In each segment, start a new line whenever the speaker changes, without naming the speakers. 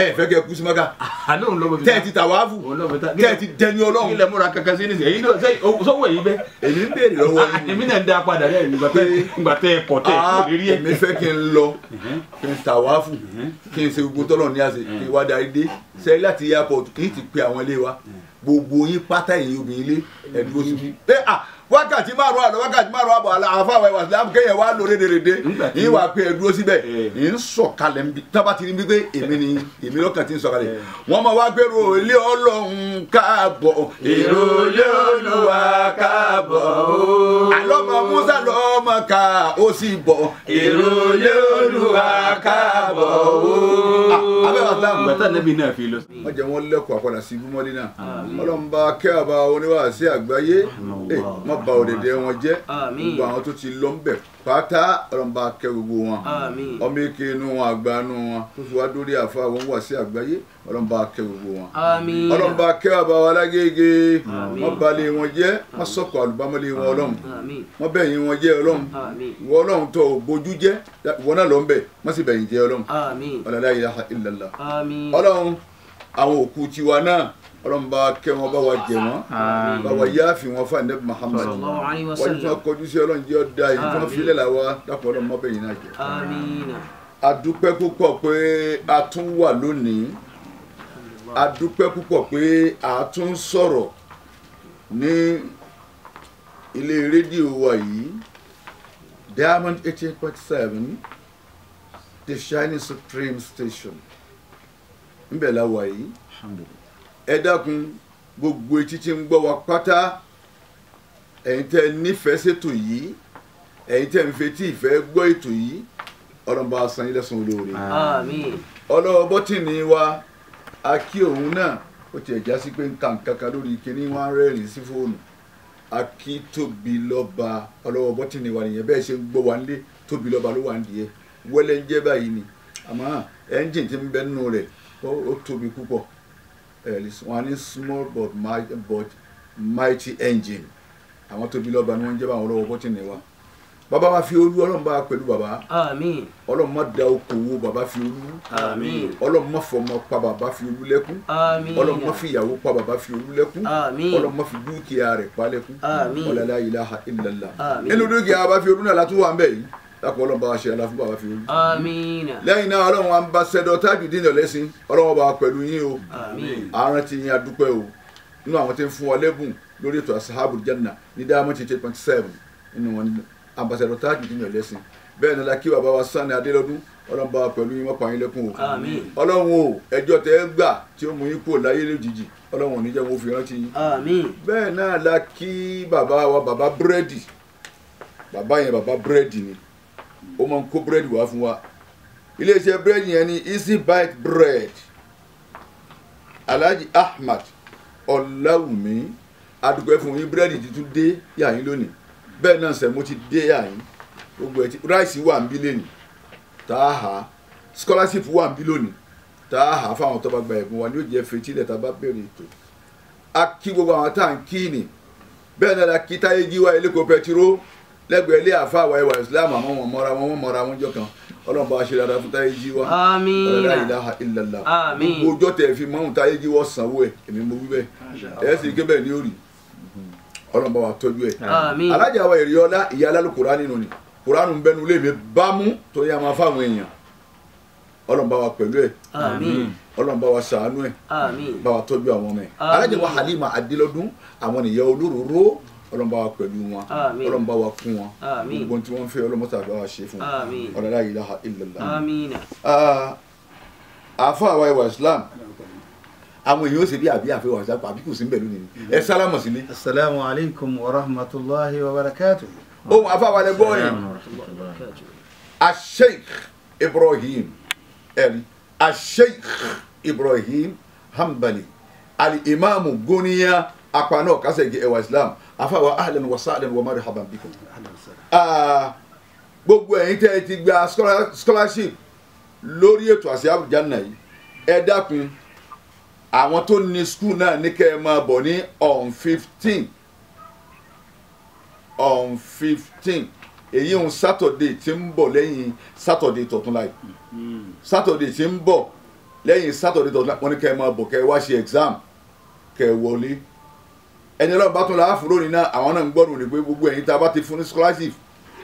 ẹ fẹ́ kẹ kusi maka tẹ́ẹ̀tì tawafu tẹ́ẹ̀tì dẹni ọlọ́run. ilẹ̀ múra kankan sí nísìnyí èyí ló ṣe sọ́wọ́ èyí bẹ́ẹ̀. èmi ń béèrè lọ́wọ́ ah, yìí. èmi náà ń dá padà rẹ̀ ìgbà tẹ́ ẹ pọ̀ tẹ́ ah, èmi fẹ́ kí n lọ kí n tawafu mm-hmm. kí n ṣe gbogbo tọ́lọ̀ ní àṣẹ kí n darí dé sẹ́yìn láti airport kí n ti pe àwọn ilé wa mm. gbogbo yín pátá ẹ̀yin obìnrin ilé ẹ̀dúró síbi. Ah, wákàtí márùn àlọ wákàtí márùn àbọ̀ àfa àwọn ẹwà sílẹ̀ kéèyàn wá lóore dèrèdè yín wà pé ẹ dúró síbẹ̀ yín eh. sọ̀kalẹ̀ nbí tábà ti rí bí pé èmi ni èmi lọ́kàn ti ń sọ̀kalẹ̀ eh. wọ́n máa wá gbèrò ilé ọlọ́run káàbọ̀. èrò ilé olúwa káàbọ̀ o. àlọ́mọ musa lọ́mọ ká ó sì bọ̀. èrò ilé olúwa káàbọ̀ o. Ah, abẹ́wà sílẹ̀ àgbàtà nẹ́bí náà fi lọ. wọ́n jẹ́ wọ́n lẹ́kọ̀ọ́ àpàdà sí ibú mọ́lẹ́ náà ọlọ́mọba kẹ́ àbá oníwàásí àgbáyé mọ bà òdèdè wọn jẹ́ gbogbo àwọn tó ti lọ ń bẹ̀ pátá ọlọ́mọba kẹ gbogbo wọn ọmọ èké inú wọn àgbà inú wọn tó fi wá dórí àfa wọn wà sí àgbáyé ọlọ́mọba kẹ gbogbo wọn ọlọ́mọba kẹ bàbá wa lágége wọn balẹ̀ wọn jẹ́ wọn sọ̀kọ̀ àlùbámọ́lẹ̀ wọn ọlọ́run wọn bẹ̀yìn wọn jẹ́ ọlọ́run ìwọ ọlọ́run tó o bójú jẹ́ náà lọ ń bẹ̀ wọn sì bẹ̀yìn jẹ́ ọlọ́run ọlọ́run àwọn òkú tiwa náà ọlọ́run bá kẹ́ wọn bá wa jẹ wọn bá wa yáàfin wọn fún anabi muhammad wọ́n ti fún akọ́jú sí ọ̀dà yìí fún afilẹ̀ la wa dàpọ̀ ọlọ́run má bẹ̀yìn náà jẹ. adúpẹ́ púpọ̀ pé a tún wà lónìí adúpẹ́ púpọ̀ pé a tún sọ̀rọ̀ ní ilé rédíò wa yìí diamond eighty point seven the shining supreme station ńbẹ̀ la wà yìí. ẹ dákun gbogbo etiti tí ń gbọ́ wa pátá ẹ̀yin tẹ́ nífẹ̀ẹ́ ṣètò yìí ẹ̀yin tẹ́ ń fetí ìfẹ́ gbọ́ ètò yìí ọlọ́mọba san yín lẹ́san olóore. ọlọ́wọ́ bọ́tìnì wa a kí òun náà ó tiẹ̀ já sí pé ń ta nǹkan kan lórí kíní wọn rẹ́rìn sí fóònù a kí tóbi ni àmọ́ ẹ́ńjìn ti ń nínú rẹ̀ ó wọ́n ní small but mighty, but mighty engine àwọn tóbi lọ́ba ni wọ́n ń jẹ́ báwọn lọ́wọ́ bọ́tìnì wa bàbá wa fi olú ọlọ́run bá pẹ̀lú bàbá àmín ọlọ́run má da okòwò bàbá fi olú àmín ọlọ́run má fọmọ pa bàbá fi olú lẹ́kún
àmín ọlọ́run má fi
ìyàwó pa bàbá fi olú lẹ́kún àmín ọlọ́run má fi dúkìá rẹ̀ pa lẹ́kún àmín ọlọ́lá ilaha illallah àmín nínú dúkìá bàbá fi olú náà látúwà ń bẹ̀ yìí lápò ọlọ́run bá wa ṣe àlá fún bàbá fi orí. àmín. lẹ́yìn náà ọlọ́run wa ń bá sẹ́dọ̀ Tajudeen lẹ́sìn ọlọ́run bá wa pẹ̀lú yín o. àmín. àárín ti yín adúpẹ́ o nínú àwọn tí ń fún wa lẹ́bùn lórí ètò asahabul janna ní diamond twenty point seven nínú wọn ambassador Tajudeen lẹ́sìn bẹ́ẹ̀ ni lakí bàbá wa Sani Adélọ́dún ọlọ́run bá wa pẹ̀lú yín mọ́pàá yín o. àmín. o ẹjọ́ tẹ́ ẹ gbà tí ó mú yín kúrò láyé lójijì ọlọ́run bàbá yẹn bàbá búrẹ́dì ni ó máa ń kó búrẹ́dì wá wa iléeṣẹ́ búrẹ́dì yẹn ni easy bite bread alhaji ahmad ọ̀làwùmí adúgbò fún yín búrẹ́dì tuntun dé yàyín lónìí bẹ́ẹ̀ náà sẹ́ mo ti dé yàyín gbogbo ẹ̀ ti wà ń bí lónìí tá scholarship wà ń bí lónìí tá a hà fáwọn tó bá gba ẹ̀bùn wa ni ó jẹ́ fetílẹ̀ tá bá bẹ̀rẹ̀ ètò a kí gbogbo àwọn tá à ń kí ni bẹ́ẹ̀ náà la kí táyé jíwá eléko pẹtiró lẹ́gbẹ̀ẹ́ ilé àfa àwa ìwà ìsìlámù àwọn ọmọ mọ́ra wọn wọ́n wọn jọ kan ọlọ́run bá fún táyé jíwá ọlọ́run ìlàhà ìlàlá gbogbo ọjọ́ fi mọ́hún táyé jíwọ́ sanwó ẹ̀ èmi mo wí bẹ́ẹ̀ sì ké bẹ́ẹ̀ ni ó rí wa tọ́jú ẹ̀ alájà wa èrè ọlá ìyá alálù kùránì nù ni kùránì ń bẹnu léèmé bámú torí a máa fáwọn èèyàn ọlọ́run wa pẹ̀lú ẹ̀ ọlọ́run wa ṣàánú ẹ̀ bá wa tọ́jú àwọn ọmọ ẹ̀ alájà wa Halima Adélọ́dún àwọn ìyá olóróró ọlọ́mọba wa pẹ̀lú wọn ọlọ́mọba wa kún wọn gbogbo tí wọ́n ń fẹ́ ọlọ́mọ tàbí wa ṣe fún wọn ọ̀rọ̀ la ilaha
illallah.
àfa àwa ìwà islam àwọn èèyàn ó ṣe bí àbí àfẹ́ wà sápà àbí kò sí ń bẹ̀rù nìyí ẹ sálámù sílé. asalaamu alaykum wa rahmatulahi wa barakatu. ohun afa wa lẹ gbọ́ yẹn asheikh ibrahim ẹ̀rí asheikh ibrahim hanbali alimami goniya apanọ kasẹ̀gì ẹ̀wà islam afáwa ahlan wa sahlan wa marhaban bikum. Ah, gbogbo ẹ̀yin tẹ́ ẹ ti gba scholarship lórí ètò àṣeyàbù jánà yìí ẹ dákun àwọn tó ní skul náà ní kẹ́ ẹ máa bọ̀ ní on fifteen on fifteen èyí ń saturday tí ń bọ̀ lẹ́yìn saturday tọ̀tún láì saturday tí ń bọ̀ lẹ́yìn saturday tọ̀tún láì wọ́n ní kẹ́ ẹ máa bọ̀ kẹ́ ẹ wá ṣe exam kẹ́ ẹ wọlé ẹni ọlọ́run bá tún la áfúró ní náà àwọn náà ń gbọ́dọ̀ ní pé gbogbo ẹ̀yin tá a bá ti fún ní scholarship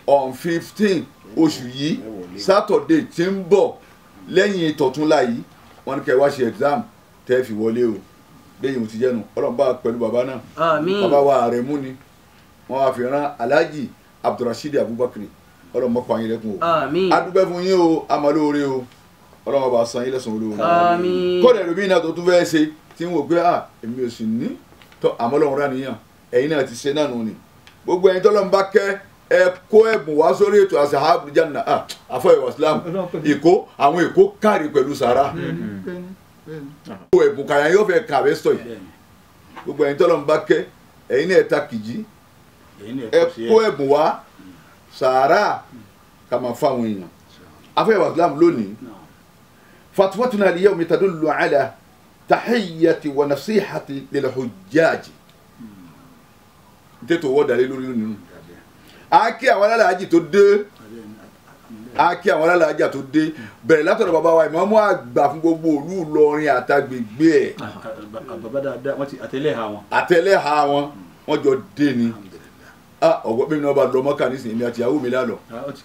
on fifteen oṣù yìí saturday ti ń bọ̀ lẹ́yìn ìtọ̀túnla yìí wọ́n ní kẹ́ wá ṣe exam tẹ́ fi wọlé o bẹ́ẹ̀ mo ti jẹ́nu ọlọ́run bá pẹ̀lú bàbá náà bàbá wa ààrẹ mú ni wọ́n wá fi rán alhaji abdulrasheed abubakar ọlọ́run mọ́kọ ayé lẹ́kùn o adúgbẹ́ fún yín o amalóore o ọlọ́run bá san yín lẹ́sùn olówó kódà ẹ̀rọ mi náà tó tún fẹ́ ṣe tí ń wò pé à èmi ò sì ní tọ́ àmọ́ lọ́run rà níyàn ẹ̀yin náà ti ṣe náà nù ni gbogbo ẹ̀yin tọ́lọ́run bá kẹ́ ẹ kó ẹ̀bùn wá sórí ètò asahabu janna ah, àfọwọ́ islam ìkó àwọn ìkó kárí pẹ̀lú sàrà gbogbo ẹ̀bùn kàyà yóò fẹ́ kàwé sọ yìí gbogbo ẹ̀yin tọ́lọ́run bá kẹ́ ẹ̀yin náà ta kìjì ẹ kó ẹ̀bùn wá sàrà kà máa fáwọn èèyàn àfọwọ́ islam lónìí fatuwatuna al-yawmi tadullu ala tahiyati wa nasihati lil hujjaji tètè wọ́ dalé lórí nínú àáké àwọn alálàájì tó dé àáké àwọn alálàájì tó dé bẹ̀rẹ̀ látọ̀dọ̀ bàbá wa ìmọ̀ mú àgbà fún gbogbo òlú Ìlọrin àtàgbègbè ẹ̀ àtẹlẹ́hà wọn wọ́n jọ dé ni ah ọgbọ bẹẹ mi náà bá lọ mọkà nísìnyí mi àti ìyàwó mi lálọ.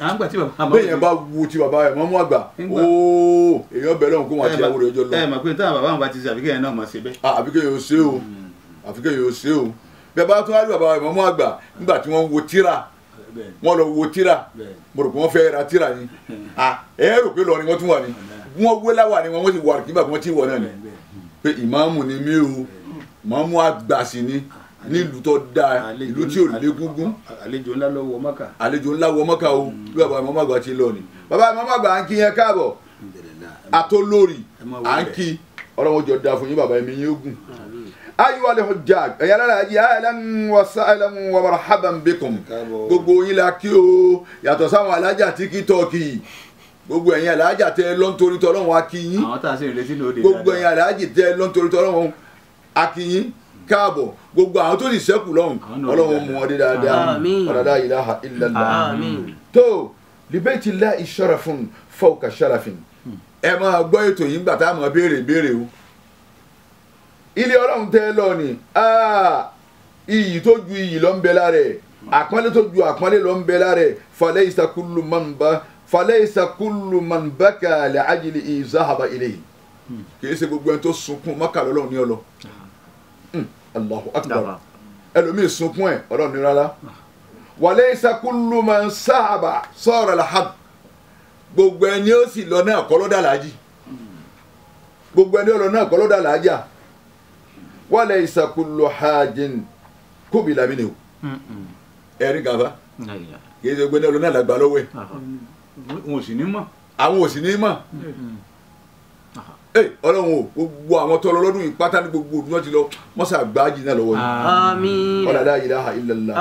Ah, bẹ́ẹ̀ yẹn bá wu ti bàbá rẹ̀ mọ́mú àgbà ooo èèyàn bẹ̀rẹ̀ òun kó wọn àti ìyàwó jọ lọ. ẹ mà pé táwọn bàbá wọn bá ti ṣe àbíkẹ́ yẹn náà mọ̀ ṣe bẹ́ẹ̀. Ah, àbíkẹ́ yóò ṣe o hmm. àbíkẹ́ yóò ṣe o bẹ́ẹ̀ bá tún wá rí bàbá rẹ̀ mọ́mú àgbà nígbà tí wọ́n wo tíra wọ́n lọ wo tíra mo rò pé wọ́n fẹ́ ra tíra ni ah, ẹ rò pé lọ ni wọ́n tún wà ni wọ́n wé láwà ni wọ́n ti wà nígbà tí wọ́n ti wọ̀ náà ni pé ìmáàmù ni mí o ìmáàmù àgbà sì nílùú tó dáa ìlú tí ò légúngún. àlejò ńlá lọ wọ mọ́kà. àlejò ńlá wọ mọ́kà o bí bàbá mọ́mọ́ àgbà ti lọ ni bàbá mọ́mọ́ àgbà ń kí yẹn káàbọ̀ àtolórí à ń kí ọlọ́wọ́n jọ da fún yín bàbá mi yín gùn. ayiwa al-hujjaj ẹ̀yà lára ajé ahlan wa sahlan wa marhaban bikum gbogbo yín la kí o yàtọ̀ sáwọn alájà tí kì í tọ́ kì í gbogbo ẹ̀yin alájà tẹ lọ́ntorí tọ́lọ́wọ́n akínyín gbogbo ẹ̀yin alájì tẹ lọ́ntorí tọ́lọ́wọ́n akínyín káàbọ̀ gbogbo àwọn tó sì ṣẹ́kù lọ́hùn ọlọ́run mú wọn dé dáadáa ọ̀dàdà ilaha illallah tó libeti la ìṣọ́rafún fọ́ọ̀kà ṣọ́rafin hmm. ẹ máa gbọ́ ètò yìí gbà tá a máa béèrè béèrè o ilé ọlọ́run tẹ́ lọ ni ah, iyì tó ju iyì lọ ń bẹ lára ẹ̀ àpọ́nlé tó ju àpọ́nlé lọ ń bẹ lára ẹ̀ falẹ́ ìsakúlù mọ́nba falẹ́ ìsakúlù mọ́nba kàlẹ́ àjèlè ìzahaba ilé yìí hmm. kì í ṣe gbogbo ẹni tó sunkún mọ́kàlọ́lọ́ ní ọlọ́ allahu akbar ẹlòmíì sunkún ẹ ọlọ́run ní rárá wàlẹ́ ìsakúlù máa ń sáàbà sọ̀rọ̀ làhàb gbogbo ẹni ó sì lọ náà kọ́ ló dà láàjì gbogbo ẹni ó lọ náà kọ́ ló dà láàjà wàlẹ́ ìsakúlù hajjin kóbi lamini o ẹ̀rí gàba kì í ṣe gbẹ́ni ọlọ́run náà làgbà lọ́wọ́ ẹ̀. àwọn ò ní mọ̀. àwọn ò ní mọ̀ ọlọ́run o gbogbo àwọn tọrọ lọ́dún yìí pátá ní gbogbo òdùnú ti lọ mọ́sá àgbájì náà lọ́wọ́ yìí ọ̀làdá yìí láha ìlàlá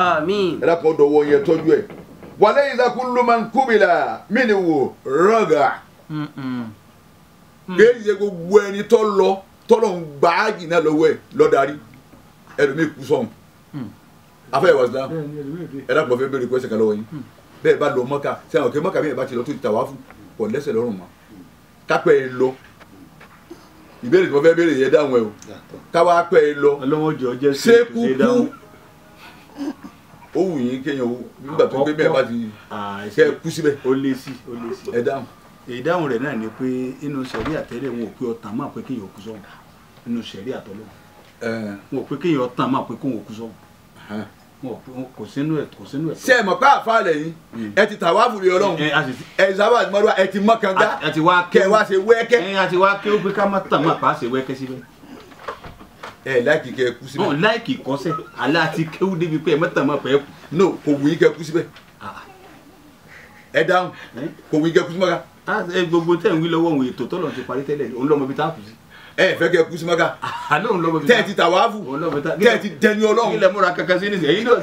ẹ̀dá kan dọ̀wọ́ yẹn tọ́jú ẹ̀ wàlẹ́ ìdàkú lumankubila mini wo mm. kéèyì ṣe gbogbo ẹni tọ́ lọ tọ́lọ̀ ń gbájì náà lọ́wọ́ ẹ̀ lọ́darí ẹlòmíì kú sọ̀hún mm. afẹ́ ìwà islam ẹ̀dá kan fẹ́ bẹ̀rẹ̀ kó ẹsẹ̀ kan lọ́wọ́ yín mm. bẹ́ẹ̀ bá lọ mọ́ka sẹ́wọ̀n kí mọ́ka mi yẹn bá ti lọ tó ti tàwa fún kò lẹ́sẹ̀ lọ́rùn mọ́ ìbéèrè tí mo fẹ́ béèrè yẹn dáhùn ẹ o káwá pẹ́ ẹ lọ ṣé kúkú ó wù yín kéèyàn o nígbà tó gbé bẹ́ẹ̀ bá ti kẹ́ ẹ kú síbẹ̀. ó lé sí ó lé sí. ẹ dáhùn. ìdáhùn rẹ̀ náà ni pé inú sẹ̀rí àtẹ́lẹ̀ wọn ò pé ọ̀tàn máa pé kéèyàn kú sọ́hùn inú sẹ̀rí àtọ́lọ́hùn wọn ò pé kéèyàn ọ̀tàn máa pé kóhùn kú sọ́hùn kò sínú ẹ kò sínú ẹ. ṣé ẹ mọ̀ pé àfa lẹ̀ yín hmm. ẹ ti tàwa fúri ọlọ́run ẹ sábà mọ́dúnwá ẹ ti mọ́ kanga kẹ wá ṣe wẹ́kẹ́. ẹ àti wá kí ó pé ká má tàn má pa á ṣe wẹ́kẹ́ síbẹ̀. ẹ láìkì kẹ kú síbẹ̀. láìkì kọ́sẹ̀ alẹ́ àti kéwú débi pé ẹ má tàn má pa ẹ kù. no kò wù yín kẹ kú síbẹ̀. ẹ dáhùn kò wù yín kẹ kú síbẹ̀ ká. gbogbo tẹ̀ ń wí lọ́wọ́ òun ètò tọ́lọ̀ ti parí tẹ́lẹ̀ ẹ fẹ́ kẹ kusi maka tẹ́ẹ̀tì tàwáfù tẹ́ẹ̀tì dẹni ọlọ́run. ilẹ̀ múra kankan sí nísìnyí èyí náà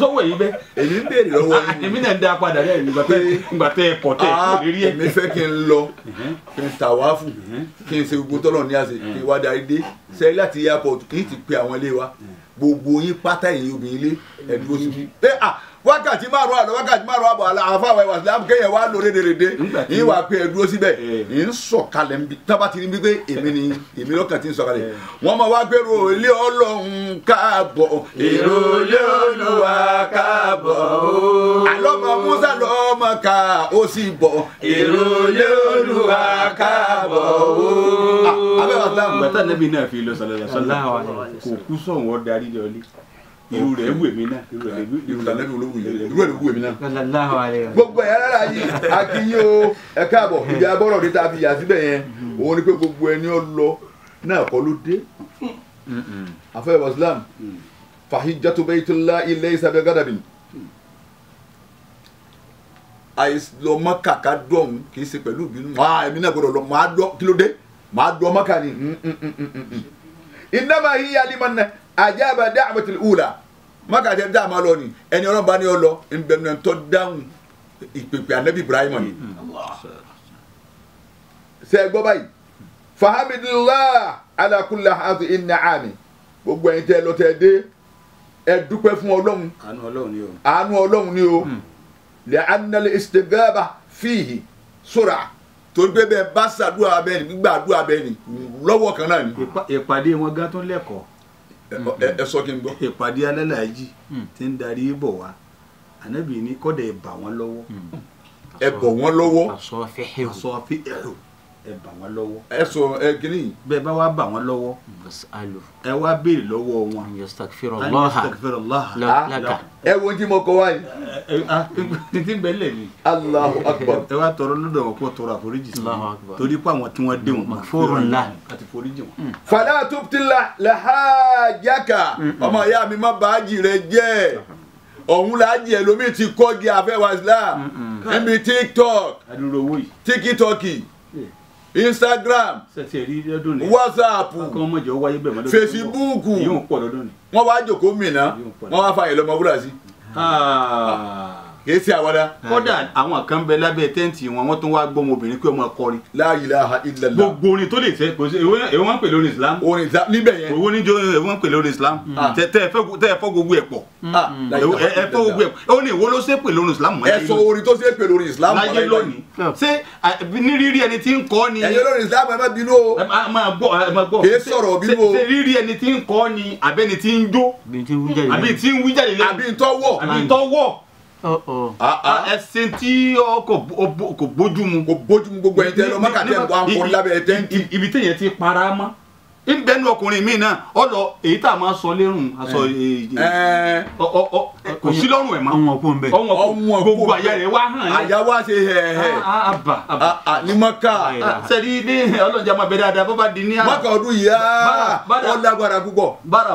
sọ́wọ́ èyí bẹ́ẹ̀. èmi ń béèrè lọ́wọ́ ah, yìí. èmi náà ń dá padà rẹ̀ nígbà tẹ́ ẹ tẹ́ ẹ kó lè rí ẹ. èmi fẹ́ kí n lọ mhm. kí n tàwáfù mhm. kí n ṣe gbogbo tọ́lọ̀ ní àṣẹ kí n wá darí dé sẹ́yìn láti airport kí n ti pe àwọn ilé wa mhm. gbogbo yín pátá ẹ̀yin obìnrin ilé ẹ̀dúró sí mi wákàtí márùn àlọ wákàtí márùn àbọ̀ àfàwẹ̀ wà sílẹ̀ àbùkẹ́yẹ wà lórí dèrèdè yín wà pé ẹ dúró síbẹ̀ yín sọ̀kalẹ̀ nbí tábà ti ní bí pé èmi ni èmi lọ́kàn ti ń sọ̀kalẹ̀ wọ́n máa wá gbèrò ilé ọlọ́run káàbọ̀. èrò ilé olúwa káàbọ̀ o. àlọ́mọ musa lọ́mọ ká ó sì bọ̀. èrò olúwa káàbọ̀ o. Ah, abẹ́wàsílámù. bàtà nẹ́bí náà fi lọ sọ̀lá irú rẹ̀ wù èmi náà irú rẹ̀ wù irú rẹ̀ wù èmi náà irú rẹ̀ wù èmi náà. gbogbo ẹ̀yà lára yìí akínyìn o ẹ káàbọ̀ ìdí abọ́rọ̀ ní ta fi yà síbẹ̀ yẹn mm-hmm. òun ni pé gbogbo ẹni ọ lọ náà kọ́ ló dé afẹ́ islam mm. fahijjatu baytullah ilé isabel gadabin àìlọmọ kàkà dọ̀hún kì í ṣe pẹ̀lú ìbínú máa èmi náà gbọdọ̀ lọ máa dọ́ kí ló dé máa dọ́ mọ́kà ni. innama hiya liman ajaba da'watul ula mákàtí ẹbí tá a máa lọ ni ẹni ọlọ́run bá ní ọ lọ ẹnbẹ̀rún tó dáhùn ìpèpè anabi ibrahim ni ṣe é gbọ́ báyìí fahamidullah alakullah azu inna ami gbogbo ẹ̀yin tẹ́ lọ tẹ́ dé ẹ dúpẹ́ fún ọlọ́run àánú ọlọ́run ni o lè anali istigaba fihi sora torí pé bẹ́ẹ̀ bá ṣàdúrà ni gbígbà àdúrà ni lọ́wọ́ kan náà ni. ìpàdé wọn gán tó lẹ́kọ̀ọ́ ẹ sọ kí n gbọ́. ìpàdé alálàájì hmm. tí ń darí bọ̀ wá ànábì ní kọ́dà ẹ bà wọ́n lọ́wọ́. Hmm. ẹ bọ̀ wọ́n lọ́wọ́. aṣọ afẹ́ ẹ̀rọ aṣọ afẹ́ ẹ̀rọ ẹ bà wọ́n lọ́wọ́. ẹ sọ ẹ kìíní. bẹ́ẹ̀ bá wá bà wọ́n lọ́wọ́. ẹ wá béèrè lọ́wọ́ wọn. an ẹ wo jí mo kọ wáyé títí bẹ́lẹ̀ mi. Allahu akbar. ẹ wá tọrọ lọ́dọ̀ wọn kó tọrọ àforíjì sí mi torí pé àwọn tí wọ́n dé wọn
fóònù ńlá àti foríjì wọn.
fàlà tubtila làhájàkà ọmọ ìyá mi má bàájì rẹ jẹ́ ọ̀hún láàjì ẹ̀ lómi ti kọ́ di àfẹ́wà islam níbi tiktok tiktok instagram whatsapp facebook wọ́n wá jòkó mìíràn wọ́n wá fa ìlọmọ búra sí i. Ah. ah. kì í ṣe àwàdà. kódà àwọn kan bẹ lábẹ́ tẹ́ǹtì wọn wọ́n tún wá gbọ́ ọmọbìnrin pé ọmọ kọrin. la ilaha illallah. gbogbo orin tó lè tẹ kò sí èwo wọn pè lórí islam. orin islam níbẹ̀ yẹn. owó níjọ èwo wọn pè lórí islam. Hmm. tẹ ẹ fọ gbogbo hmm. ah, ẹ pọ. ẹ fọ gbogbo ẹ pọ ó ní ìwo ló ṣe pè lórí islam. ẹ sọ orin tó ṣe pè lórí islam. láyé lónìí ṣé ní rírí ẹni tí ń kọ́ ni. ẹ̀yẹ lórí islam ẹ má bínú o. ẹ má
gbọ́ kì í sọ̀rọ̀ bínú o. ṣé
rírí ẹni tí ń kọ́ ni àbẹ́ni tí ń jó àbí tí ń wí jáde lẹ́nu àbí ń ẹsìn tí kò bójú mu. kò bójú mu gbogbo ẹ̀yin tẹ́ lọ mọ́kàtẹ́ bọ́ akọrin lábẹ́ ẹ̀ tẹ́ǹtì. ibi téèyàn ti para mọ́ ń bẹ nu ọkùnrin mi náà ọlọ èyí tá a máa sọ lérùn aṣọ e, e, kò sí lọ́rùn ẹ̀ mọ́ ọ̀hún ọ̀pọ̀ nbẹ ọ̀hún ọ̀pọ̀ gbogbo àyà rẹ̀ wá hàn yẹn àyà wá ṣe hẹ̀hẹ̀ àbà àbà ní mọ́kà sẹ́ni ah, ah, ní ọlọ́jà máa bẹ dáadáa bá bá di ní àná mọ́kà ọdún yìí ah, ó lágbára púpọ̀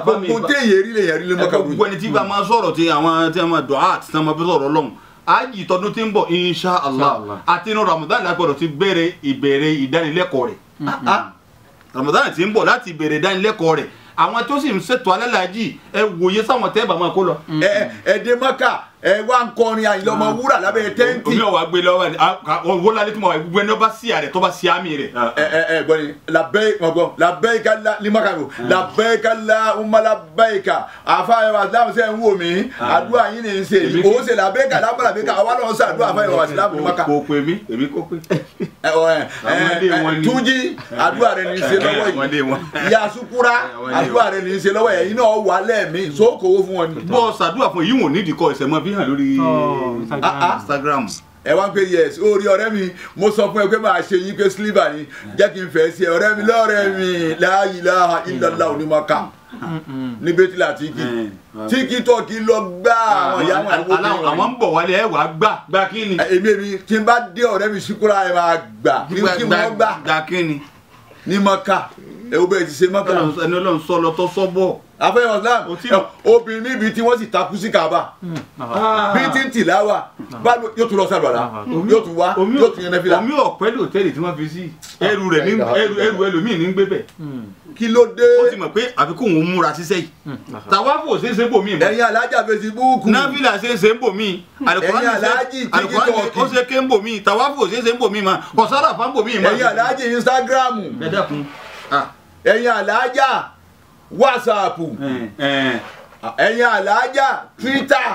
gbogbo téèyàn rí lè yẹn rí lé mọ́kà ọdún yìí. gbogbo ẹni tí bá máa sọ̀rọ̀ tí àwọn tí wọ́n máa dùn áàtì tí wọ́n máa fi sọ̀rọ̀ ọlọ́run ayi tọdún tí ń bọ̀ insha allah àti inú ramadan lágbọ̀dọ̀ ti bẹ̀rẹ̀ ìbẹ̀rẹ̀ ìdánilẹ́kọ̀ọ́ rẹ̀ mm-hmm ramadan ti ń bọ̀ láti bẹ̀rẹ̀ ìdánilẹ́kọ̀ọ́ rẹ̀ àwọn tó sì ń ṣètò alálàájì ẹ wòye sáwọn tẹ́ẹ̀bà máa kó lọ. ẹ ẹ dé mọ́kà ẹ wá ń kọrin àyìnlá ọmọ ah. wúrà lábẹ́ ah. tẹ́ǹtì. omi ọ̀wá gbé lọ́wọ́ ẹ̀ ah, wọ́n lálẹ́ tó ma gbé ní ọba sí àrẹ tó bá sí àmì rẹ̀. ẹ ẹ ẹ gbọ́dọ̀ labẹ́ ọgbọ́n labẹ́ ika la limaka ko labẹ́ ika la uma labẹ́ ika afa ẹwà silamu sẹ́ ń wò mí àdúrà yín ni n ṣe o ṣe labẹ́ ika labẹ́ labẹ́ ika àwa lọ́wọ́ sọ àdúrà afa ẹwà silamu limaka. kò pè mí èmi kò pè. ẹ ẹ túnjí àdúrà rẹ ní í ṣe lọ́wọ́ yìí yasukura àdúrà rẹ ní í ṣe lọ́wọ́ yìí iná wà lẹ́ẹ̀mí sókòwò fún wọn. bọ́ọ̀sì àdúrà fún yìí wọ́n nídìí kọ́ ẹsẹ̀ mọ́ fi lórí oh, ah, ah, Instagram ẹ wá pé yes ó rí ọ̀rẹ́ mi mo sọ fún ẹ pé màá ṣe yín pé sliver ni jẹ́ kí n fẹ́ sí ẹ ọ̀rẹ́ mi lọ́rẹ́ mi la ilaha illallah onímọ̀ọ́ká ní bẹ́tìlì àti igi tíkì eh, tọ́kì lọ gbá àwọn ìyá wọn àwọn obìnrin àwọn ń bọ̀ wálé ẹ wàá gbà. gbà kí ni. Eh, èmi èmi tí n bá dé ọ̀rẹ́ mi sukura ẹ máa gbà kí wọ́n gbà. gbà kí ni. ní mọ̀ọ́ká ẹ wo bẹ́ẹ̀ ti ṣe mọ̀ọ́ká. ẹni ọlọ́run sọ lọ tó afẹ́yọ̀ islam obìnrin níbi tí wọ́n sì takú sí kaaba
hmm, ah. bí tí
ń tìlá wa yóò tún lọ sàlùwàlà yóò tún wá yóò tún yẹnẹ fìlà. omi ọ̀pẹ́ lè hòtẹ́ẹ̀lì tí wọ́n fi sí ah, ẹrù rẹ̀ ní ẹrù ẹlòmíì ní gbé bẹ̀. Hmm. kí ló dé. ó ti mọ̀ pé àfikún òun múra síṣẹ́ yìí. Hmm, tàwáfò ṣe é ṣe ń bò mí. ẹ̀yin alájà Facebook. náfìlà ṣe é ṣe ń bò mí. ẹ̀yin alájì tikitọ́ọ̀kì. ó ṣe ké ń bò mí tàwáfò ṣe é ṣe ń bò mí ma ọ̀sára fà ń whatsapp eh, eh. ẹ̀yin alájà twitter